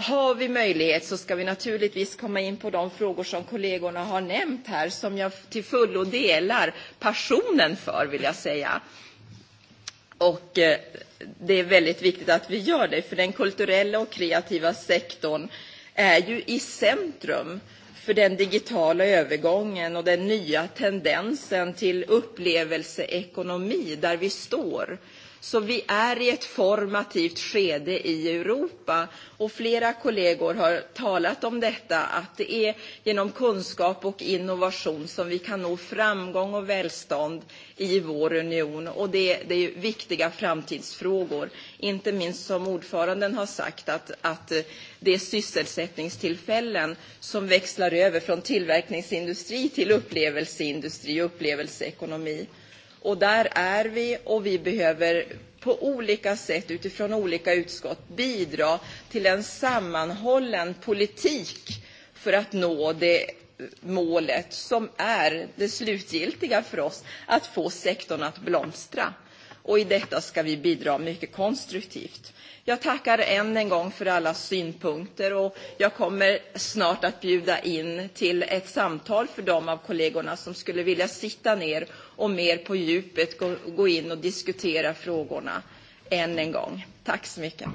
har vi möjlighet så ska vi naturligtvis komma in på de frågor som kollegorna har nämnt här som jag till fullo delar passionen för vill jag säga. Och det är väldigt viktigt att vi gör det för den kulturella och kreativa sektorn är ju i centrum för den digitala övergången och den nya tendensen till upplevelseekonomi där vi står Så vi är i ett formativt skede i Europa och flera kollegor har talat om detta att det är genom kunskap och innovation som vi kan nå framgång och välstånd i vår union och det, är viktiga framtidsfrågor. Inte minst som ordföranden har sagt att, att det är sysselsättningstillfällen som växlar över från tillverkningsindustri till upplevelseindustri och upplevelseekonomi. Och där är vi och vi behöver på olika sätt utifrån olika utskott bidra till en sammanhållen politik för att nå det målet som är det slutgiltiga för oss, att få sektorn att blomstra. Och i detta ska vi bidra mycket konstruktivt. Jag tackar än en gång för alla synpunkter och jag kommer snart att bjuda in till ett samtal för de av kollegorna som skulle vilja sitta ner och mer på djupet gå in och diskutera frågorna än en gång. Tack så mycket.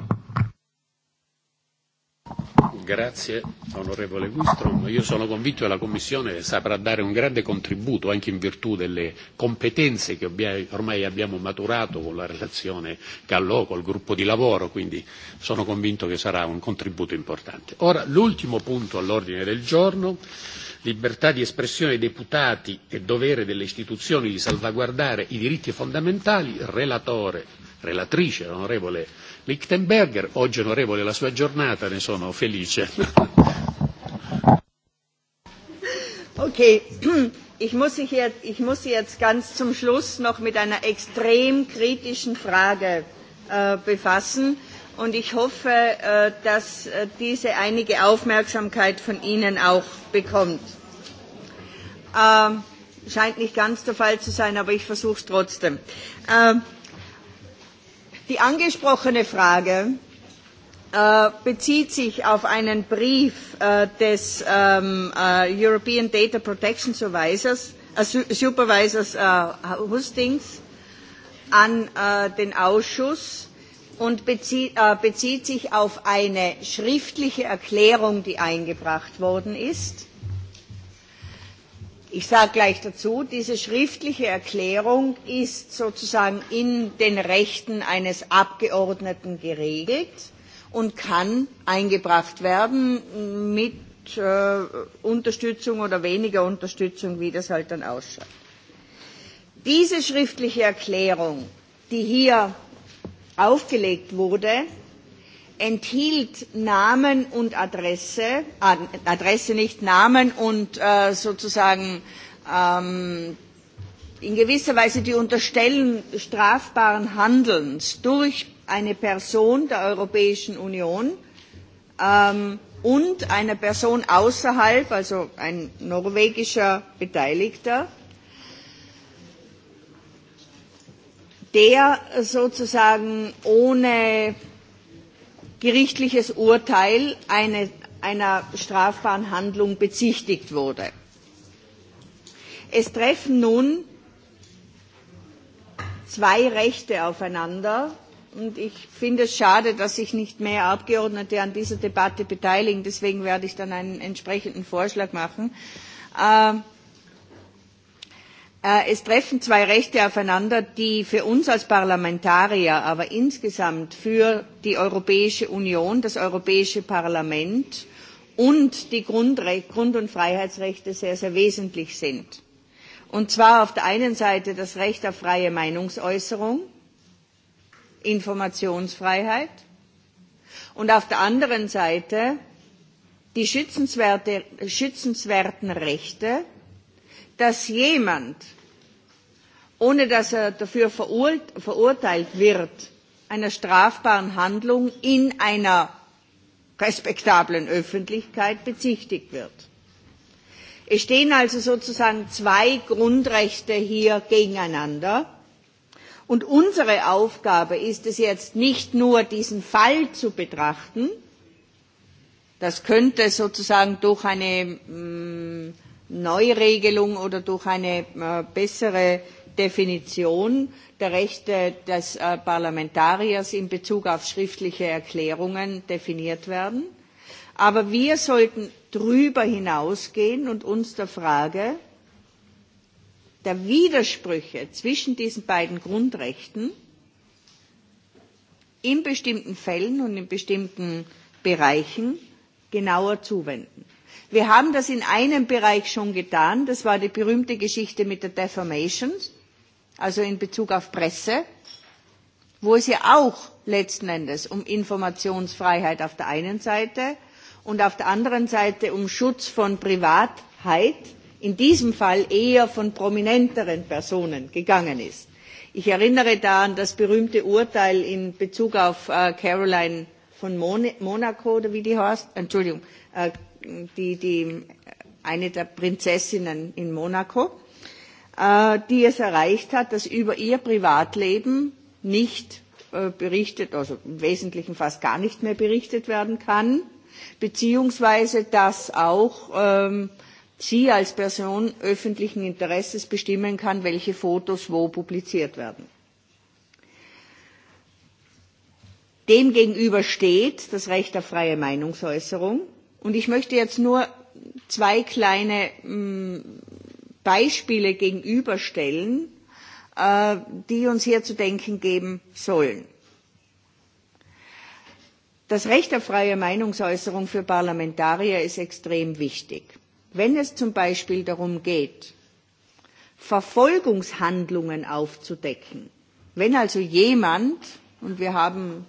Grazie onorevole Wistrom. Io sono convinto che la Commissione saprà dare un grande contributo anche in virtù delle competenze che ormai abbiamo maturato con la relazione Callò, col gruppo di lavoro, quindi sono convinto che sarà un contributo importante. Ora l'ultimo punto all'ordine del giorno libertà di espressione dei deputati e dovere delle istituzioni di salvaguardare i diritti fondamentali, relatore, relatrice l'onorevole Lichtenberger, oggi onorevole la sua giornata, ne sono felice. Okay, ich muss, Sie jetzt, ich muss jetzt ganz zum Schluss noch mit einer extrem kritischen Frage äh, befassen Und ich hoffe, dass diese einige Aufmerksamkeit von Ihnen auch bekommt. scheint nicht ganz der Fall zu sein, aber ich versuche es trotzdem. die angesprochene Frage bezieht sich auf einen Brief des European Data Protection Supervisors, Supervisors Hustings an den Ausschuss und bezieht sich auf eine schriftliche Erklärung, die eingebracht worden ist. Ich sage gleich dazu, diese schriftliche Erklärung ist sozusagen in den Rechten eines Abgeordneten geregelt und kann eingebracht werden mit Unterstützung oder weniger Unterstützung, wie das halt dann ausschaut. Diese schriftliche Erklärung, die hier aufgelegt wurde, enthielt Namen und Adresse, Adresse nicht Namen und sozusagen in gewisser Weise die Unterstellung strafbaren Handelns durch eine Person der Europäischen Union und einer Person außerhalb, also ein norwegischer Beteiligter, der sozusagen ohne gerichtliches Urteil eine, einer strafbaren Handlung bezichtigt wurde. Es treffen nun zwei Rechte aufeinander. Und ich finde es schade, dass sich nicht mehr Abgeordnete an dieser Debatte beteiligen. Deswegen werde ich dann einen entsprechenden Vorschlag machen. Es treffen zwei Rechte aufeinander, die für uns als Parlamentarier, aber insgesamt für die Europäische Union, das Europäische Parlament und die Grund- und Freiheitsrechte sehr, sehr wesentlich sind. Und zwar auf der einen Seite das Recht auf freie Meinungsäußerung, Informationsfreiheit und auf der anderen Seite die schützenswerten Rechte dass jemand, ohne dass er dafür verurteilt wird, einer strafbaren Handlung in einer respektablen Öffentlichkeit bezichtigt wird. Es stehen also sozusagen zwei Grundrechte hier gegeneinander. Und unsere Aufgabe ist es jetzt nicht nur, diesen Fall zu betrachten, das könnte sozusagen durch eine Neuregelung oder durch eine bessere Definition der Rechte des Parlamentariers in Bezug auf schriftliche Erklärungen definiert werden. Aber wir sollten darüber hinausgehen und uns der Frage der Widersprüche zwischen diesen beiden Grundrechten in bestimmten Fällen und in bestimmten Bereichen genauer zuwenden. Wir haben das in einem Bereich schon getan. Das war die berühmte Geschichte mit der Defamation, also in Bezug auf Presse, wo es ja auch letzten Endes um Informationsfreiheit auf der einen Seite und auf der anderen Seite um Schutz von Privatheit, in diesem Fall eher von prominenteren Personen gegangen ist. Ich erinnere da an das berühmte Urteil in Bezug auf Caroline von Monaco, oder wie die heißt, Entschuldigung, die, die, eine der Prinzessinnen in Monaco, äh, die es erreicht hat, dass über ihr Privatleben nicht äh, berichtet, also im Wesentlichen fast gar nicht mehr berichtet werden kann, beziehungsweise dass auch ähm, sie als Person öffentlichen Interesses bestimmen kann, welche Fotos wo publiziert werden. Demgegenüber steht das Recht auf freie Meinungsäußerung, Und ich möchte jetzt nur zwei kleine Beispiele gegenüberstellen, die uns hier zu denken geben sollen. Das Recht auf freie Meinungsäußerung für Parlamentarier ist extrem wichtig. Wenn es zum Beispiel darum geht, Verfolgungshandlungen aufzudecken, wenn also jemand, und wir haben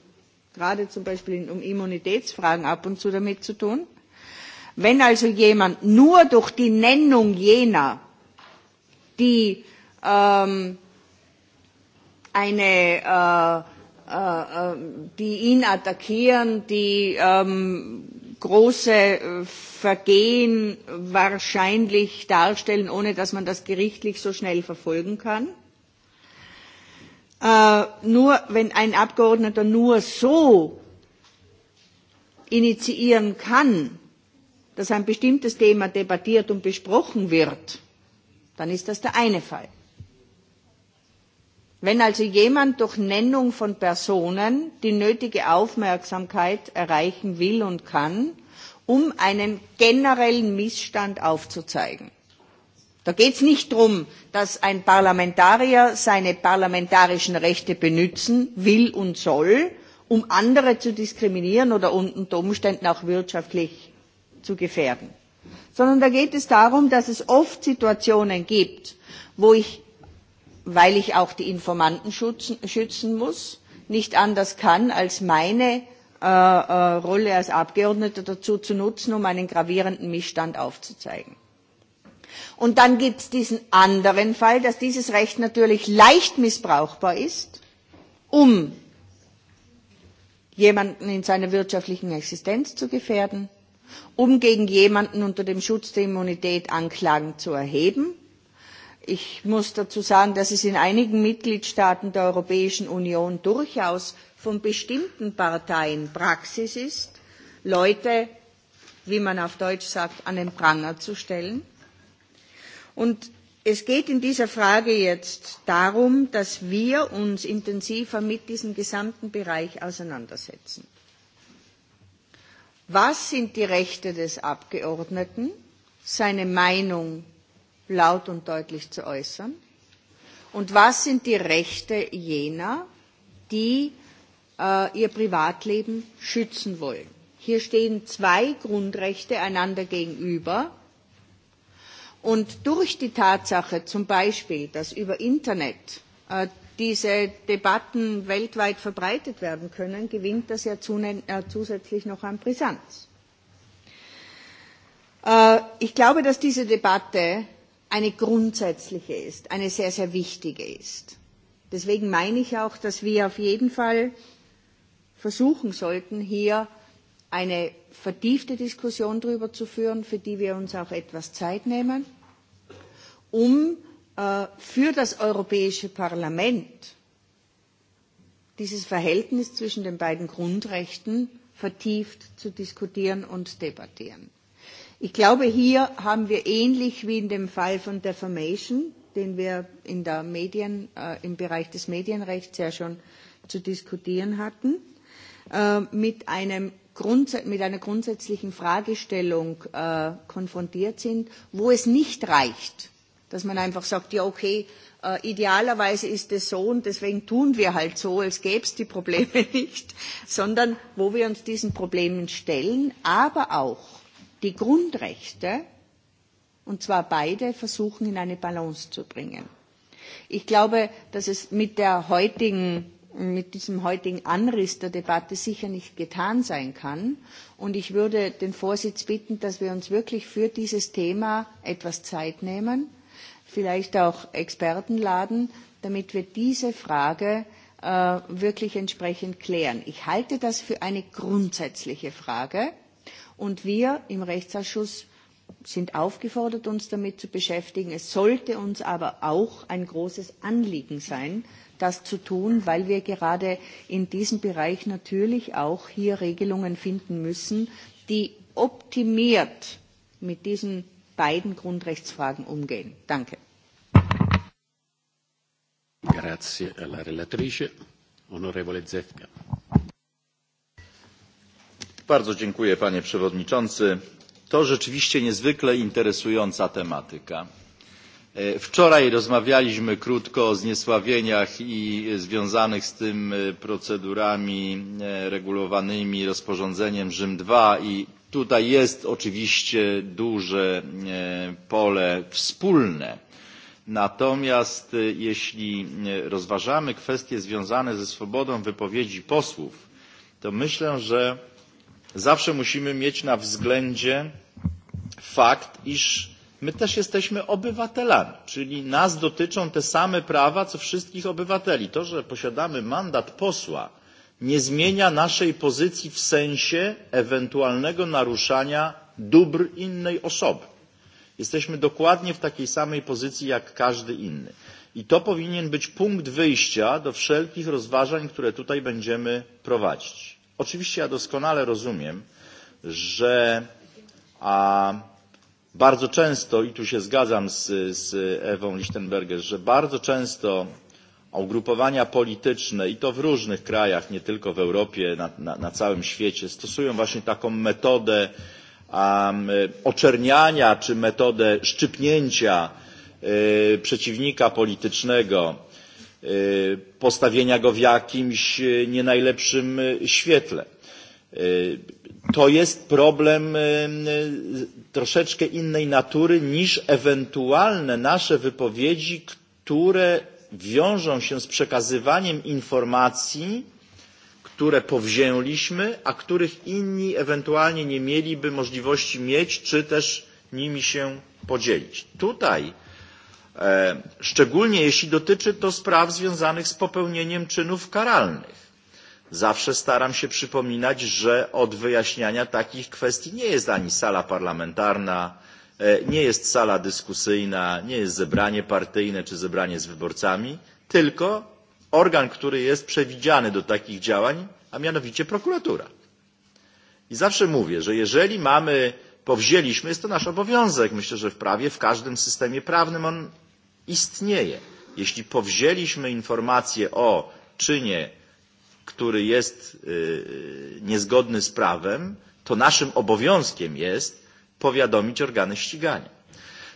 gerade zum Beispiel um Immunitätsfragen ab und zu damit zu tun, Wenn also jemand nur durch die Nennung jener, die ähm, eine, äh, äh, die ihn attackieren, die ähm, große Vergehen wahrscheinlich darstellen, ohne dass man das gerichtlich so schnell verfolgen kann. nur wenn ein Abgeordneter nur so initiieren kann, dass ein bestimmtes Thema debattiert und besprochen wird, dann ist das der eine Fall. Wenn also jemand durch Nennung von Personen die nötige Aufmerksamkeit erreichen will und kann, um einen generellen Missstand aufzuzeigen. Da geht es nicht darum, dass ein Parlamentarier seine parlamentarischen Rechte benutzen will und soll, um andere zu diskriminieren oder unter Umständen auch wirtschaftlich zu gefährden. Sondern da geht es darum, dass es oft Situationen gibt, wo ich, weil ich auch die Informanten schützen, muss, nicht anders kann, als meine Rolle als Abgeordneter dazu zu nutzen, um einen gravierenden Missstand aufzuzeigen. Und dann gibt es diesen anderen Fall, dass dieses Recht natürlich leicht missbrauchbar ist, um jemanden in seiner wirtschaftlichen Existenz zu gefährden, um gegen jemanden unter dem Schutz der Immunität Anklagen zu erheben. Ich muss dazu sagen, dass es in einigen Mitgliedstaaten der Europäischen Union durchaus von bestimmten Parteien Praxis ist, Leute, wie man auf Deutsch sagt, an den Pranger zu stellen. Und es geht in dieser Frage jetzt darum, dass wir uns intensiver mit diesem gesamten Bereich auseinandersetzen. Was sind die Rechte des Abgeordneten, seine Meinung laut und deutlich zu äußern? Und was sind die Rechte jener, die ihr Privatleben schützen wollen? Hier stehen zwei Grundrechte einander gegenüber. Und durch die Tatsache zum Beispiel, dass über Internet diese Debatten weltweit verbreitet werden können, gewinnt das ja zusätzlich noch an Brisanz. Ich glaube, dass diese Debatte eine grundsätzliche ist, eine sehr, sehr wichtige ist. Deswegen meine ich auch, dass wir auf jeden Fall versuchen sollten, hier eine vertiefte Diskussion darüber zu führen, für die wir uns auch etwas Zeit nehmen, um für das Europäische Parlament dieses Verhältnis zwischen den beiden Grundrechten vertieft zu diskutieren und debattieren. Ich glaube, hier haben wir ähnlich wie in dem Fall von Defamation, den wir in der Medien, äh, im Bereich des Medienrechts ja schon zu diskutieren hatten, äh, mit, einem mit einer grundsätzlichen Fragestellung äh, konfrontiert sind, wo es nicht reicht, dass man einfach sagt, ja okay, idealerweise ist es so und deswegen tun wir halt so, als gäbe es die Probleme nicht, sondern wo wir uns diesen Problemen stellen, aber auch die Grundrechte, und zwar beide, versuchen in eine Balance zu bringen. Ich glaube, dass es mit, der heutigen, mit diesem heutigen Anriss der Debatte sicher nicht getan sein kann. Und ich würde den Vorsitz bitten, dass wir uns wirklich für dieses Thema etwas Zeit nehmen vielleicht auch Experten laden, damit wir diese Frage wirklich entsprechend klären. Ich halte das für eine grundsätzliche Frage und wir im Rechtsausschuss sind aufgefordert, uns damit zu beschäftigen. Es sollte uns aber auch ein großes Anliegen sein, das zu tun, weil wir gerade in diesem Bereich natürlich auch hier Regelungen finden müssen, die optimiert mit diesen beiden Grundrechtsfragen umgehen. Danke. Grazie alla relatrice, onorevole Bardzo dziękuję, panie przewodniczący. To rzeczywiście niezwykle interesująca tematyka. Wczoraj rozmawialiśmy krótko o zniesławieniach i związanych z tym procedurami regulowanymi rozporządzeniem Rzym II i Tutaj jest oczywiście duże pole wspólne. Natomiast jeśli rozważamy kwestie związane ze swobodą wypowiedzi posłów, to myślę, że zawsze musimy mieć na względzie fakt, iż my też jesteśmy obywatelami, czyli nas dotyczą te same prawa, co wszystkich obywateli. To, że posiadamy mandat posła, nie zmienia naszej pozycji w sensie ewentualnego naruszania dóbr innej osoby. Jesteśmy dokładnie w takiej samej pozycji jak każdy inny. I to powinien być punkt wyjścia do wszelkich rozważań, które tutaj będziemy prowadzić. Oczywiście ja doskonale rozumiem, że a, bardzo często, i tu się zgadzam z, z Ewą Lichtenberger, że bardzo często ugrupowania polityczne i to w różnych krajach, nie tylko w Europie, na, na, na całym świecie stosują właśnie taką metodę oczerniania czy metodę szczypnięcia przeciwnika politycznego, postawienia go w jakimś nie najlepszym świetle. To jest problem troszeczkę innej natury niż ewentualne nasze wypowiedzi, które wiążą się z przekazywaniem informacji, które powzięliśmy, a których inni ewentualnie nie mieliby możliwości mieć, czy też nimi się podzielić. Tutaj, szczególnie jeśli dotyczy to spraw związanych z popełnieniem czynów karalnych, zawsze staram się przypominać, że od wyjaśniania takich kwestii nie jest ani sala parlamentarna, nie jest sala dyskusyjna, nie jest zebranie partyjne czy zebranie z wyborcami, tylko organ, który jest przewidziany do takich działań, a mianowicie prokuratura. I zawsze mówię, że jeżeli mamy, powzięliśmy, jest to nasz obowiązek. Myślę, że w prawie, w każdym systemie prawnym on istnieje. Jeśli powzięliśmy informację o czynie, który jest niezgodny z prawem, to naszym obowiązkiem jest powiadomić organy ścigania.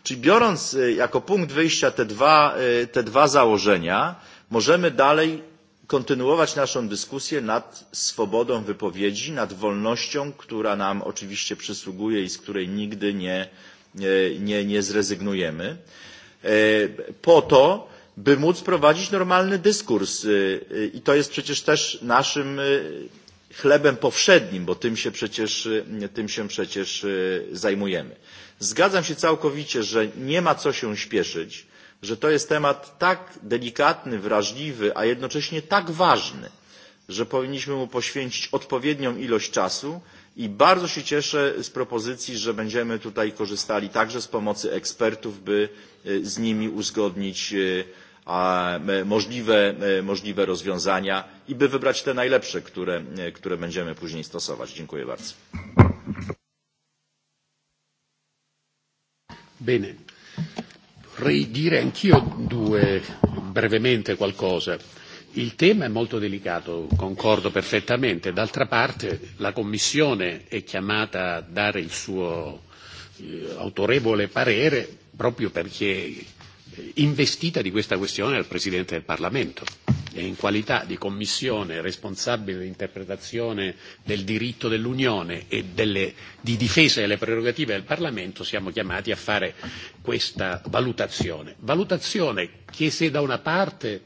Czyli biorąc jako punkt wyjścia te dwa, te dwa założenia, możemy dalej kontynuować naszą dyskusję nad swobodą wypowiedzi, nad wolnością, która nam oczywiście przysługuje i z której nigdy nie, nie, nie zrezygnujemy, po to, by móc prowadzić normalny dyskurs. I to jest przecież też naszym chlebem powszednim, bo tym się przecież, tym się przecież zajmujemy. Zgadzam się całkowicie, że nie ma co się śpieszyć, że to jest temat tak delikatny, wrażliwy, a jednocześnie tak ważny, że powinniśmy mu poświęcić odpowiednią ilość czasu i bardzo się cieszę z propozycji, że będziemy tutaj korzystali także z pomocy ekspertów, by z nimi uzgodnić możliwe, możliwe rozwiązania i by wybrać te najlepsze, które, które będziemy później stosować. Dziękuję bardzo. Bene. Vorrei dire anch'io due, brevemente qualcosa. Il tema è molto delicato, concordo perfettamente. D'altra parte la Commissione è chiamata a dare il suo autorevole parere proprio perché investita di questa questione dal Presidente del Parlamento e in qualità di Commissione responsabile dell'interpretazione del diritto dell'Unione e delle, di difesa delle prerogative del Parlamento siamo chiamati a fare questa valutazione. Valutazione che se da una parte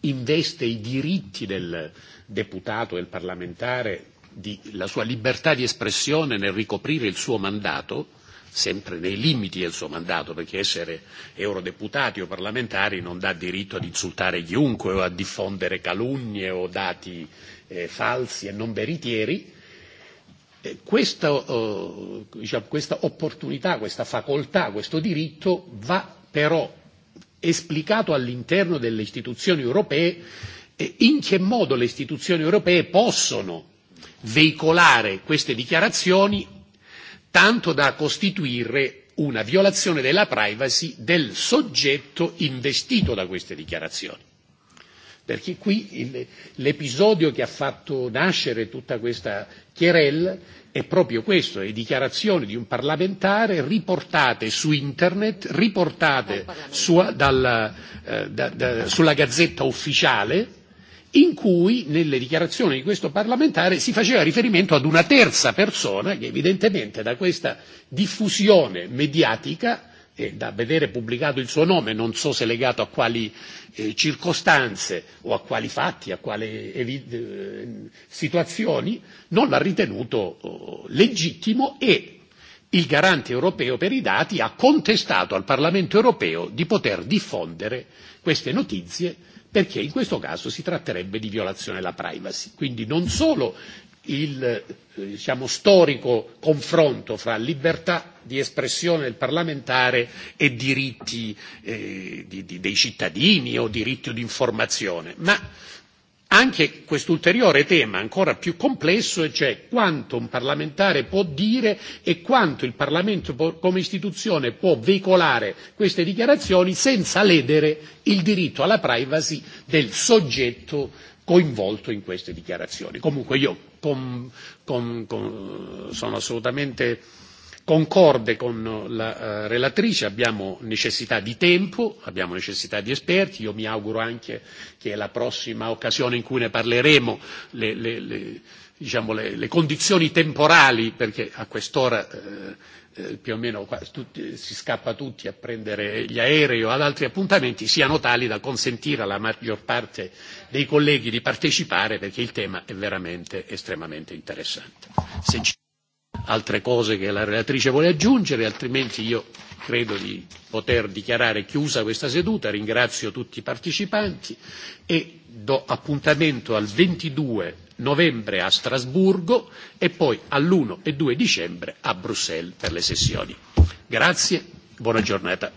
investe i diritti del deputato, del parlamentare, di, la sua libertà di espressione nel ricoprire il suo mandato, sempre nei limiti del suo mandato, perché essere eurodeputati o parlamentari non dà diritto ad insultare chiunque o a diffondere calunnie o dati eh, falsi e non veritieri. Questa, diciamo, questa opportunità, questa facoltà, questo diritto va però esplicato all'interno delle istituzioni europee in che modo le istituzioni europee possono veicolare queste dichiarazioni tanto da costituire una violazione della privacy del soggetto investito da queste dichiarazioni. Perché qui l'episodio che ha fatto nascere tutta questa querelle è proprio questo, le dichiarazioni di un parlamentare riportate su internet, riportate su, dalla, da, da, sulla gazzetta ufficiale, in cui nelle dichiarazioni di questo parlamentare si faceva riferimento ad una terza persona che evidentemente da questa diffusione mediatica e da vedere pubblicato il suo nome, non so se legato a quali eh, circostanze o a quali fatti, a quali situazioni, non l'ha ritenuto oh, legittimo e il garante europeo per i dati ha contestato al Parlamento europeo di poter diffondere queste notizie perché in questo caso si tratterebbe di violazione della privacy. Quindi non solo il diciamo, storico confronto fra libertà di espressione del parlamentare e diritti eh, di, di, dei cittadini o diritto di informazione, ma anche quest'ulteriore tema ancora più complesso e cioè quanto un parlamentare può dire e quanto il Parlamento come istituzione può veicolare queste dichiarazioni senza ledere il diritto alla privacy del soggetto coinvolto in queste dichiarazioni. Comunque io sono assolutamente concorde con la relatrice, abbiamo necessità di tempo, abbiamo necessità di esperti, io mi auguro anche che la prossima occasione in cui ne parleremo le, le, le, diciamo, le, le condizioni temporali, perché a quest'ora eh, più o meno tutti, si scappa tutti a prendere gli aerei o ad altri appuntamenti, siano tali da consentire alla maggior parte dei colleghi di partecipare perché il tema è veramente estremamente interessante. Se ci altre cose che la relatrice vuole aggiungere, altrimenti io credo di poter dichiarare chiusa questa seduta. Ringrazio tutti i partecipanti e do appuntamento al 22 novembre a Strasburgo e poi all'1 e 2 dicembre a Bruxelles per le sessioni. Grazie, buona giornata.